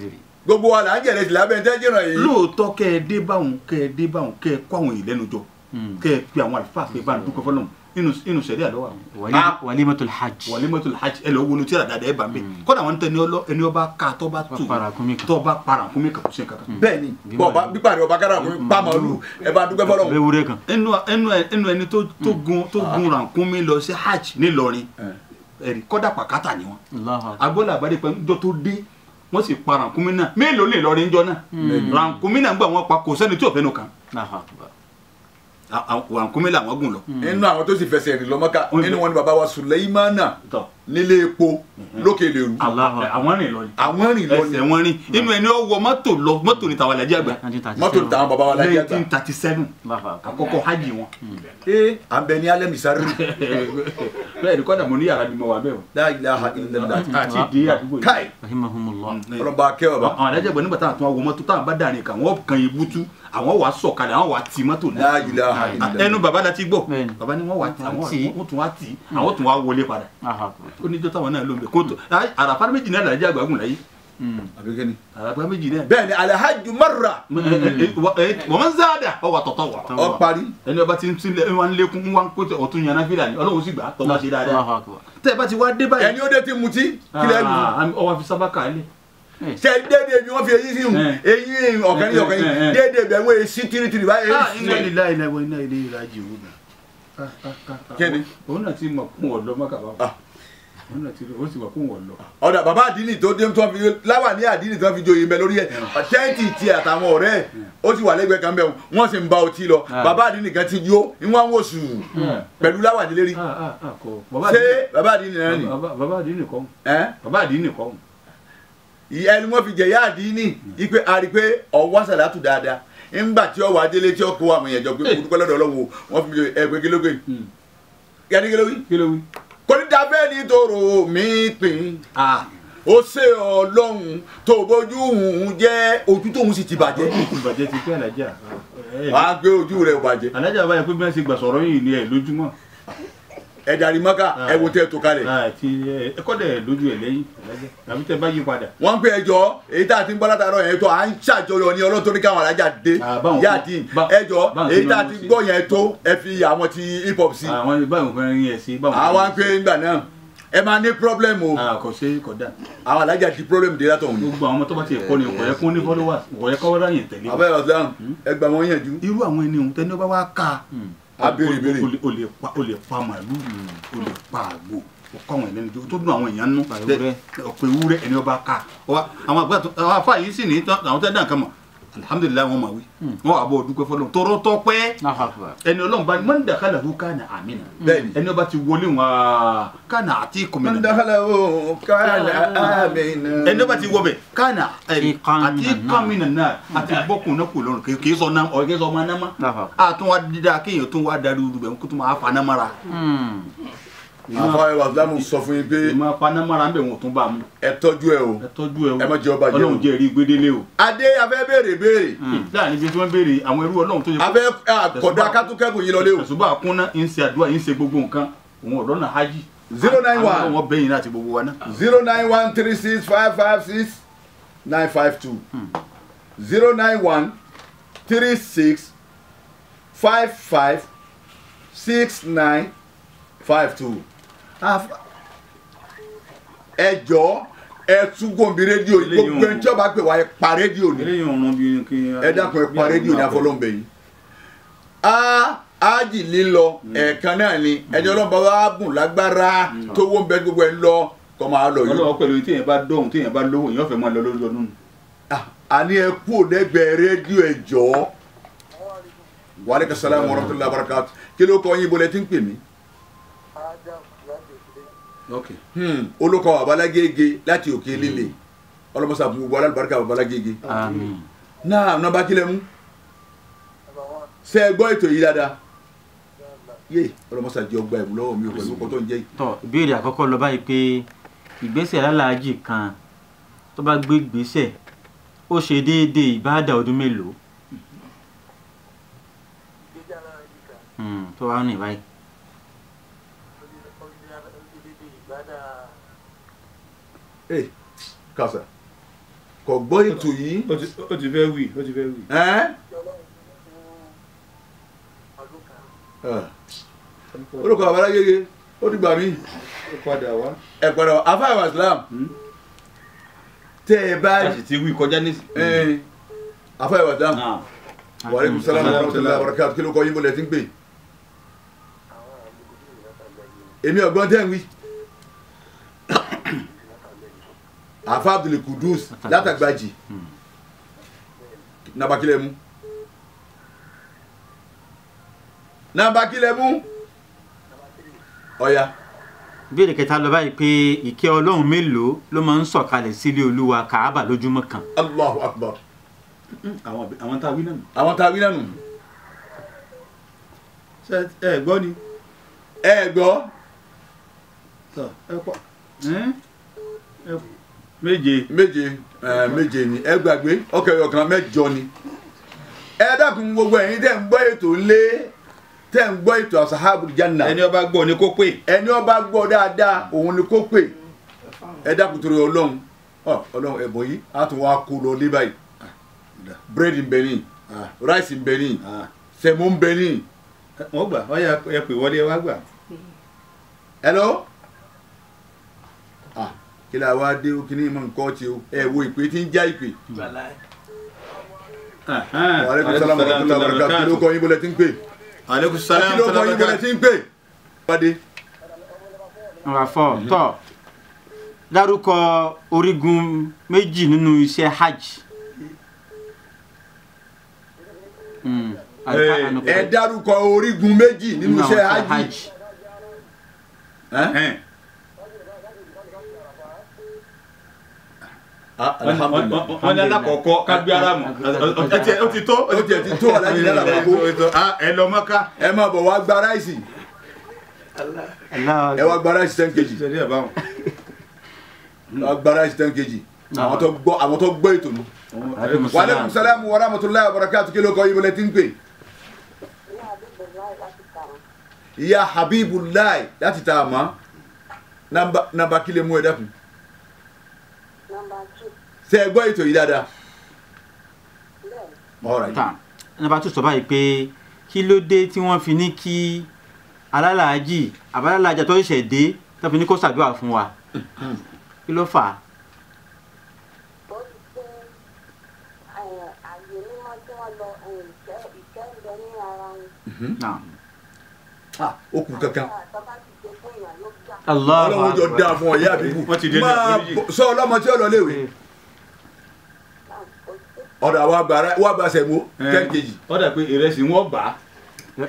tiẹ̀ gbogbo wa là ń jẹrẹ ìsìlá bẹ́ẹ̀ tẹ́ jìnnà yìí. lóòótọ́ kẹ́ ẹ dé báwọn kẹ́ ẹ dé báwọn kẹ́ ẹ kó àwọn yìí lẹ́nu jọ hmm. kẹ́ ẹ pe àwọn àlùfáà pé bá a dúpẹ́ fọlọ́mù inú inú sẹ̀rí àlọ́ wa. Ah. walimatul hajj. walimatul hajj ẹ lọ wolo tí a dada ẹ bá mi. Hmm. kódà wọn tẹ ní ọlọ ẹni ọba ká tọba tó tọba parakunmi kan kò sí kankan. Hmm. bẹ́ẹ̀ni bọba bíparí ọba kára kun pamalu ẹ bá dúpẹ́ fọlọ. bẹ́ẹ̀ wúre kan. ẹnu ẹnu ẹnu ẹni tó tó gun tó gun rankunmi lọ sí hajj nílọrin eh. ẹ̀rí kódà pàkátà ni wọn. agbọ́dọ̀ àbádé pẹ̀lú jọ tó dé wọ́n sì pa rànkúmí náà mélòó lè lọ rí ń jọ náà hmm. rànkúmí gbà wọ́n pa kò sẹ́ni tí ò fẹ́nu kan wàǹkúmí làwọn gùn lọ. Hmm. nínú àwọn tó sì fẹsẹ̀ rìn lọ Mọ́kà nínú wọn ni bàbá wa Sulaimana nílé epo hmm. lókè lèrú. àwọn rìn lọ ni. àwọn rìn lọ ni. ẹsẹ̀ wọn rìn inú ẹni ó wọ mọ́tò lọ mọ́tò ní tàwọn alájí àgbà. mọ́tò ní tàwọn bàbá wa alájí àgbà. nineteen thirty seven àkọ́kọ́ hajj wọn. Hmm. ee eh, à ń bẹ ní alẹ́ misari. bẹ́ẹ̀ ni kọ́dà mo ní yàrá bímọ wa bẹ́ẹ̀ o. la ilaha illallah àti ìdí àdúgbò yìí. káì ọlọ́ba akẹ́wọ̀ bá. àwọn alájí àgbà nígbà táwọn àtúnwá wọ mọ́tò táwọn àwọn wà sọ̀kalẹ̀ àwọn wà tì mọ́tò náà ah, ẹnu baba la ti gbọ́
baba ni wọ́n wà tì àwọn tún wà tì àwọn
tún wà wọlé padà ó níjọ́ táwọn náà ló ń bẹ kótó àràfà méjì náà làjẹ́ àgbàgùn láyé hmm. àràfà méjì náà. bẹ́ẹ̀ni alahaju mara. Hmm, hmm, wọ́n eh, máa ń záàdà ọ wà tọ̀tọ̀ wà. ọ parí. ẹni ọba ti ń sílẹ̀ ń wá ń lékún ń wá ń kótó ọ̀tún yànnà fílà ni ọlọ́run sì gbà tọ́ bá ṣe dáadáa. tẹ́ ẹ bá ti wá dé báyìí. ẹni ó dé ti mutí kílẹ̀ lù. Ah, ah, ọwọ́ fi sábà kà á lé sẹ déédéé bí wọn fi eyín sí mu eyín ọkàn ní ọkàn yìí déédéé bẹ wọn èsì tiritiri báyìí èsì tiritiri. ilé ilé ìwọ iná ilé ìlà jì òun náà. kẹ́ni. òun náà ti mọ̀ kún ọ̀dọ́ mọ́kàbá òun ah. náà ti òun sì mọ̀ kún ọ̀dà bàbá àdínì tó dé tó fi láwà ní àdínì tó fi joyè mẹ lórí ẹ eh. tẹ́ǹtì tiẹ̀ àtàwọn ọ̀rẹ́ eh. ó sì wà lẹ́gbẹ̀ẹ́ kan bẹ́ẹ̀ wọ́n sì ń ba ọtí lọ eh. bàbá àdínì kan ti yó ń wò sùn pẹ̀lú láwà nílé rí. Ah, ah, ṣé bàbá àdínì náà ni ìyá ẹni wọ́n fi jẹ̀yà àdínì hmm. ipe ari pé ọwọ́ dáadáa ńgbà tí ọwọ́ adélé tí ọkọ àwọn èèyàn jọ pé kò dúpẹ́ lọ́dọ̀ ọlọ́wọ́ wọ́n fi ẹgbẹ́ kílógé yẹni hmm. kílógé kò ní bẹ́ẹ̀ ni tòrò mí pín ó ṣe ọlọ́run tó bójú òun jẹ́ ojú tóun sì ti bàjẹ́. ìbàjẹ́ ti pẹ́ alájà. wàá gbé ojú rẹ̀ bàjẹ́. alájà báyìí pé bí ṣe gbà yìí ni ẹ̀ lójúmọ́ ẹ darí mọ́kà ah. ẹ wo tẹ́ tó kalẹ̀. àti ah, eh, ẹ kọ́ dẹ̀ lójú ẹ lẹ́yìn tàbí tẹ bá yí padà. wọ́n ń pè ẹjọ́ èyí tá a ti ń gbọ́ látàárọ̀ yẹn tó à ń ṣàjọyọ̀ ní ọlọ́tọ́rí káwọn alájà dé ah, yáàdì ẹjọ́ èyí tá a ti gbọ́ yẹn tó ẹ fi àwọn ti hip hop sí. àwọn
báwọn fẹ́ rin ẹ̀ sí. àwọn ń
pè é ńgbà náà ẹ máa ní problem o. a kò ṣe é kò dà. àwọn alájà di problem dé látọ̀ wọn. gbogbo àwọn ọmọ tó bá ti ẹ̀kọ́ ni ọ̀yẹ́ kún ní followers ọ̀yẹ́ kọ́wọ́dá yẹn tẹ̀lé. àbẹ́rẹ́ ọ̀sán ẹgbàá wọn yẹn jù. irú àwọn ẹni òun tẹ́ni ó bá wá ká abèrè bèrè o lè pa o lè pa màálù o lè pa àgbò o kọ àwọn ẹlẹni tó dùn àwọn èèyàn nù ọ̀pẹ̀ ewúrẹ́ ẹni ọba ká àwọn àgbà àwọn afáàyè sì ní àwọn tẹ́ dàn kan mọ̀ alihamudulilayi wọn ma wi hmm. wọn wà bọ dúpẹ́ fọlọ tọrọ tọpẹ́ ẹni Ọlọ́run bá mọ ndakala hmm. ah, hu kana amina ẹni ọba ti wọlé wọn kana ati kumina mọ ndakala hu kana amina ẹni ọba ti wọbẹ kana ati kamina náà àti bọkun náà kò lọrùn kì í sọ náà ọ kì í sọ ọmọ náà ma a tún wá dídá kéèyàn tún wá darí olùbẹ̀wò kó tún wá fa náà mara. Hmm àfa ẹwà fúlámù sọ fún yín pé. ẹ tọ́jú ẹ o ẹ má jẹ́ ọba jẹ́ o adé afẹ́ béèrè béèrè. Hmm. láàrin ibi tí wọ́n béèrè àwọn ẹrú ọlọ́run tó yẹ. afẹ́ àkọ́dọ̀ akátúkẹ́kùn yìí lọlé o. ẹ̀sùnbà kúnná ń ṣe àdúrà ń ṣe gbogbo nǹkan òun ọ̀dọ́ náà hájì. zero nine one àwọn ọmọ bẹ́yìn láti gbogbo wa náà. Hmm. zero nine one three six five five six nine five two hmm. zero nine one three six five five six nine five two ẹ jọ̀ọ́ ẹ tún gòmbi rédíò yìí gbogbo ẹni tí ó bá pè wá ẹ pa rédíò ni ẹ dákun ẹ pa rédíò ní afọlọ́nbẹ yìí ájì lílọ mm. ẹ̀ẹ̀kan náà ni mm. ẹni ọlọ́mọba wa gùn lágbára mm. tó wọ́n bẹ gbogbo ẹ lọ kọ́ máa lọ yìí. ọlọ́wọ́ pẹ̀lú tí èèyàn bá dóhùn tí èèyàn bá lówó èèyàn fẹ́ máa lọ lórí ọdún. àní ah, ẹ kú òdẹ́gbẹ̀ẹ́ rédíò ẹ jọ̀ọ́ wàhálà kàṣálà mọ́rọ́tò làbàràkà kí ló kọ́ yín bọ́lẹ̀ tí ń pè mí. Hmm, olùkọ́ abalagége láti òkè hmm. líle ọlọ́mọsá fún gbogbo alábàárikà abalagége náà hmm. nọmba kílẹ̀ mú ṣe é gbọ́ ètò yìí dáadáa yé ọlọ́mọsá jẹ́ ọgbà ẹ̀mú lọ́wọ́ mi ò pẹ̀lú kọ́tọ́ ń jẹ́ yìí.
tọ ìbéèrè àkọ́kọ́ lọ báyìí pé ìgbésẹ̀ alálàájì kan tó bá gbé ìgbésẹ̀ ó ṣe déédéé ìbáàdà ọdún mélòó tó wá ní báyìí.
ẹ kàṣà kò gbọ́ ètò yìí. ó ti fẹ́ wí ó ti fẹ́ wí. orúkọ àbára gègé ó ti gbà mí. ẹ padà wá. ẹ padà wá afa ìwà Islam hmm? tẹ ẹ bá. a sì ti wí kọjá nísìnyí. afa ìwà Islam wàlẹ́kùn sálámù rahmatullahi wabarakatuh kí ló kọ́ yín bó lẹ́sìn pé. èmi ọ̀gbọ́n tẹ́ ń wí. àfa Abdul Kudus látàgbàjì nàbàkílẹ̀mú
nàbàkílẹ̀mú ọ̀ya. ìbéèrè kẹta lọ báyìí pé ìkẹ́ ọlọ́run mélòó ló máa ń sọ̀kalẹ̀ sílé olúwa kàábà lójúmọ́ kan. Allahu
Akbar. àwọn tá a wí náà nù. àwọn tá a wí náà nù. ṣe ẹ gbọ́ ni. ẹ gbọ́. ẹ pọ̀ ẹ pọ̀ méje méje méje ni ẹ gbàgbé ọkọ ẹyọ kan mẹ́jọ ni ẹ dákun gbogbo ẹ̀yin tẹ́ ń gbọ́ ètò lé tẹ́ ń gbọ́ ètò asahabu janna ẹni ó bá gbọ́ ni kó pè ẹni ó bá gbọ́ dáadáa òun ni kó pè ẹ dákun torí Ọlọ́run Ọlọ́run ẹbọ yìí a tún wá kó lọ lé báyìí bírèdì ń bẹ ní ráìsì ń bẹ ní sẹmó ń bẹ ní. wọ́n gbà wọ́n yà pé wọlé wá gbà. hello kí la wá dé kí ni ìmọ̀ nǹkan ti o ẹ wo ìpè tí ń já ìpè. aleykum salaam wa rahmatulah wa barakatuh kí ló kọ́ yín bọ́lẹ̀ tí ń pè.
aleykum salaam wa rahmatulah kí ló kọ́ yín bọ́lẹ̀ tí ń pè. wádé. àfọ tọ dárúkọ orígun méjì nínú iṣẹ́ hajj. Hmm, ẹ dárúkọ orígun méjì nínú iṣẹ́ hajj. Ah, wọn ní alakọkọ kabi aramu ó
ti tó ó ti tó alájí lára gbogbo ẹ lọ mọ́ká. ẹ máa bọ̀ wá gba ráìsì ẹ wá gba ráìsì ten kg wá gba ráìsì ten kg àwọn tó gbọ́ ètò nù. wàlẹ́kùn sálámù wa rahmatulahi wa barakatu kí ló kọ́ ibùdó tí ń pè. ìyá habibulayi láti ta àmọ́ nàmbà kí lè mú ẹ dẹ́kun. nàmbà kí ṣe ẹ gbọ́ ètò yìí dáadáa.
ta nàbà tó sọ báyìí pé kí ló dé tí wọ́n fi ní kí alálàájì àbálàájà tó ṣẹ̀ dé tó fi ní kó ṣàdúrà fún wa kí ló fà á. ó
mhm. ah, kankan ọlọ́run jọ dáa fún ọ yá àbí máa sọ ọlọ́mọ tí ó lọ léwe. Eh ọ̀dà wa gba wa gba sẹ̀mó eh. ten kg. ọ̀dà pé ìrẹsì wọn gbà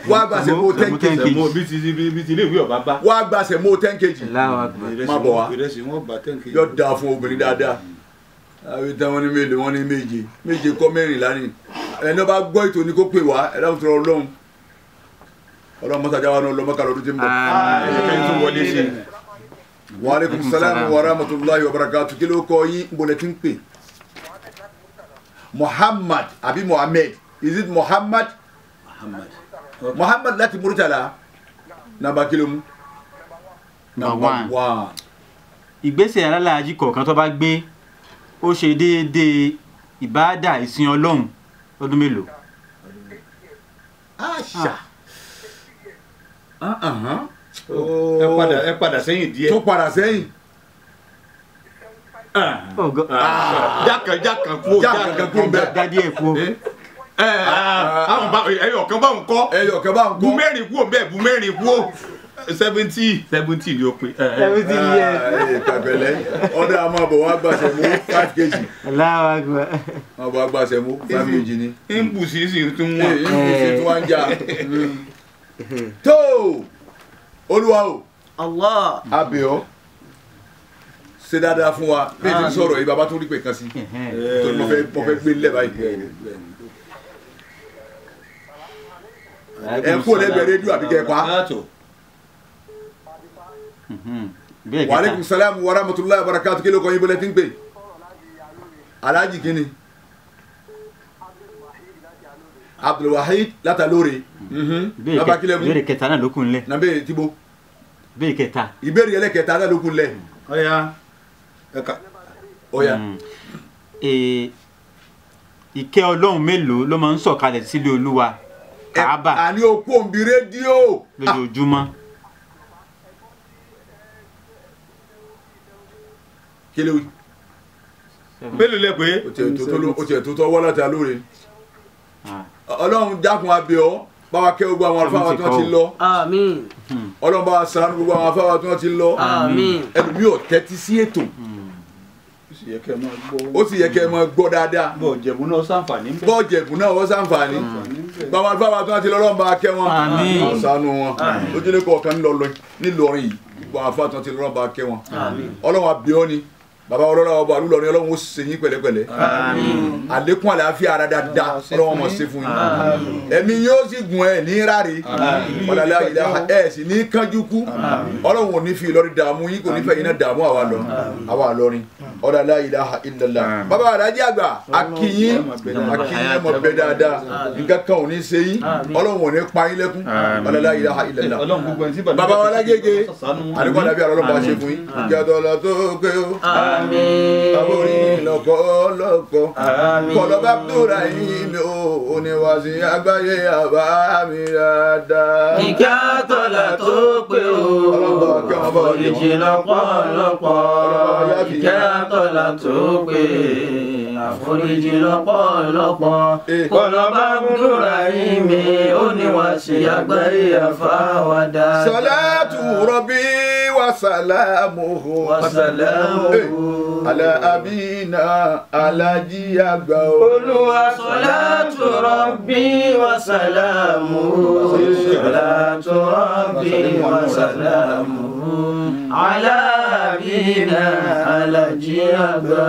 wa gba sẹ̀mó ten kg. sẹ̀mó bí ti bí ti ilé ìwé ọ̀bá bá. wa gba sẹ̀mó ten kg. má bọ̀ wá ìrẹsì wọn gbà ten kg. yọ da fún obìnrin dáadáa àwọn ìtàn wọn ní mélòó wọn ní méje méje kọ́ mẹ́rìnlá ni ẹni bá gbọ́ ètò ni kó pè wá ẹ dáhùn sọ̀rọ̀ ọlọ́run ọlọ́run mọ́sájà wa náà ọlọ́mọ kàlọ́ ọdún tí ń bọ̀. ẹ kẹ́yìn tó wọlé sí i. wa aleykum salaam wa rahmatulahi wa muhammad Abi muhammed is it muhammad muhammad, okay.
muhammad láti murtala nàmbà kìlọ̀ mu. nàmbà one ìgbésẹ̀ alálàájì kọ̀ọ̀kan tó bá gbé ó ṣe déédéé ìbáàdà ìsìn ọlọ́run lọ́dún mélòó. àṣà
ah. uh-huh. ẹ padà sẹ́yìn díẹ̀. tó padà sẹ́yìn jákàjákà kú jákàjákà kú ẹyọkan bá ń kọ ẹyọkan bá ń kọ bùmẹ́rin kú bẹ́ẹ̀ bùmẹ́rin kú seventy seventy ni o pe. Eh, eh. seventy years. pẹ̀lẹ́ ọ̀dọ̀ a máa bọ̀ wá gbàṣẹ mú five kg.
aláwa gba.
máa bọ̀ wá gbàṣẹ mú five kg ni. ìbùsì sì tún wà. ìbùsì eh, tún wà ń jà. tó olúwa o. Allah. abẹ́ ṣe dáadáa fún wa bí èyí ti ah, sọ̀rọ̀ yìí baba tún rí pé kan sí torí mo fẹ́ mo fẹ́ gbé nílẹ̀ báyìí. ẹ kú lẹ́gbẹ̀ẹ́ rédíò àbíkẹ́ pa. wàhálẹ́kùn sálàmù wàràmùtúlá barakàtú kí ló kọ́ yín bọ́lẹ́ tí ń gbé aláàjì kínní abdulwahid latalore. Mhm. béèrè kẹta
náà ló kún lẹ. na bẹ́ẹ̀ tibo. béèrè kẹta.
ìbéèrè yẹlẹ kẹta náà ló kún lẹ. ọ̀ya. Oh, yeah ẹ̀ka
ọ̀yà. Mm. E, ìkẹ́ ọlọ́run mélòó ló máa ń sọ̀kalẹ̀ sílé olúwa kàábà. àní okú òǹbí rédíò. lójoojúmọ́.
kílẹ̀ wí. mélòó lẹ pé o tiẹ̀ tó tọ́ wọ́lá ta lóore. ọlọ́run dákun abẹ́ ọ báwa kẹ́ gbogbo àwọn afáwa tí wọ́n ti lọ. àmín. ọlọ́run báwa sàánú gbogbo àwọn afáwa tí wọ́n ti lọ. àmín. ẹlòmíì ò tẹ́tí sí ètò. Mm ó sì yẹ kẹ́ ẹ máa gbọ́ dáadáa. bọ́ọ̀jẹ̀bù náà sàǹfààní bẹ́ẹ̀. bọ́ọ̀jẹ̀bù náà wọ́n sàǹfààní. bàbá bàbá tí wọ́n ti lọ́lọ́run bá kẹ́ wọn. ọ̀sánú wọn lójúlé kọ̀ọ̀kan ńlọrọrin yìí bàbá tí wọ́n ti lọ́lọ́run bá kẹ́ wọn. ọlọ́run àbíọ́ ni baba ọlọ́lá ọba alúlọ́rin ọlọ́run ó ṣe yín pẹ̀lẹ́pẹ̀lẹ́ àlékún àlàáfíà ara dáadáa ọlọ́run mọ̀ ṣe fún yín ẹ̀mí yóò sì gùn ẹ̀ ní ráre ọ̀làlá ìlà ẹ̀ sì ní kánjú kú ọlọ́run ò ní fi Ìlọrin dààmú yín kò ní fẹ́ iná dààmú àwa lọ àwa lọrin ọ̀làlá ìlà ìlàlá baba àdájẹ́ àgbà akínyín akínyín ẹ̀mọ̀ bẹ́ dáadáa nǹkan kan ò ní ṣe yín ọlọ́run ò ní pa yín lẹ́kún ọ̀làlá ìlà ìlàlá baba wa lágége àdékọ́ àdàbí àlọ́lọ́ àmín. àbórí lọ́kọ́ lọ́kọ́ kọlọ́bà Abdulrahim o oníwàsí àgbáyé àbá mi dáadáa.
ìkẹ́ àtọ̀là tó pé o foríjì lọ́pọ̀lọpọ̀ ìkẹ́ àtọ̀là tó pé àforíjì lọ́pọ̀lọpọ̀ kọlọ́bà Abdulrahim oníwàsí àgbáyé àfáwádà. sọlá
tù rọ̀bì wasalamuhu wasalamuhu ala abina alaji agba o. olúwa salatu rabbi wasalamuhu
salatu rabbi wasalamuhu ala
abina alaji agba.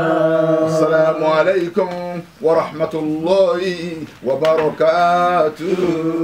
asalaamualeykum wa rahmatulahi wa barakatuh.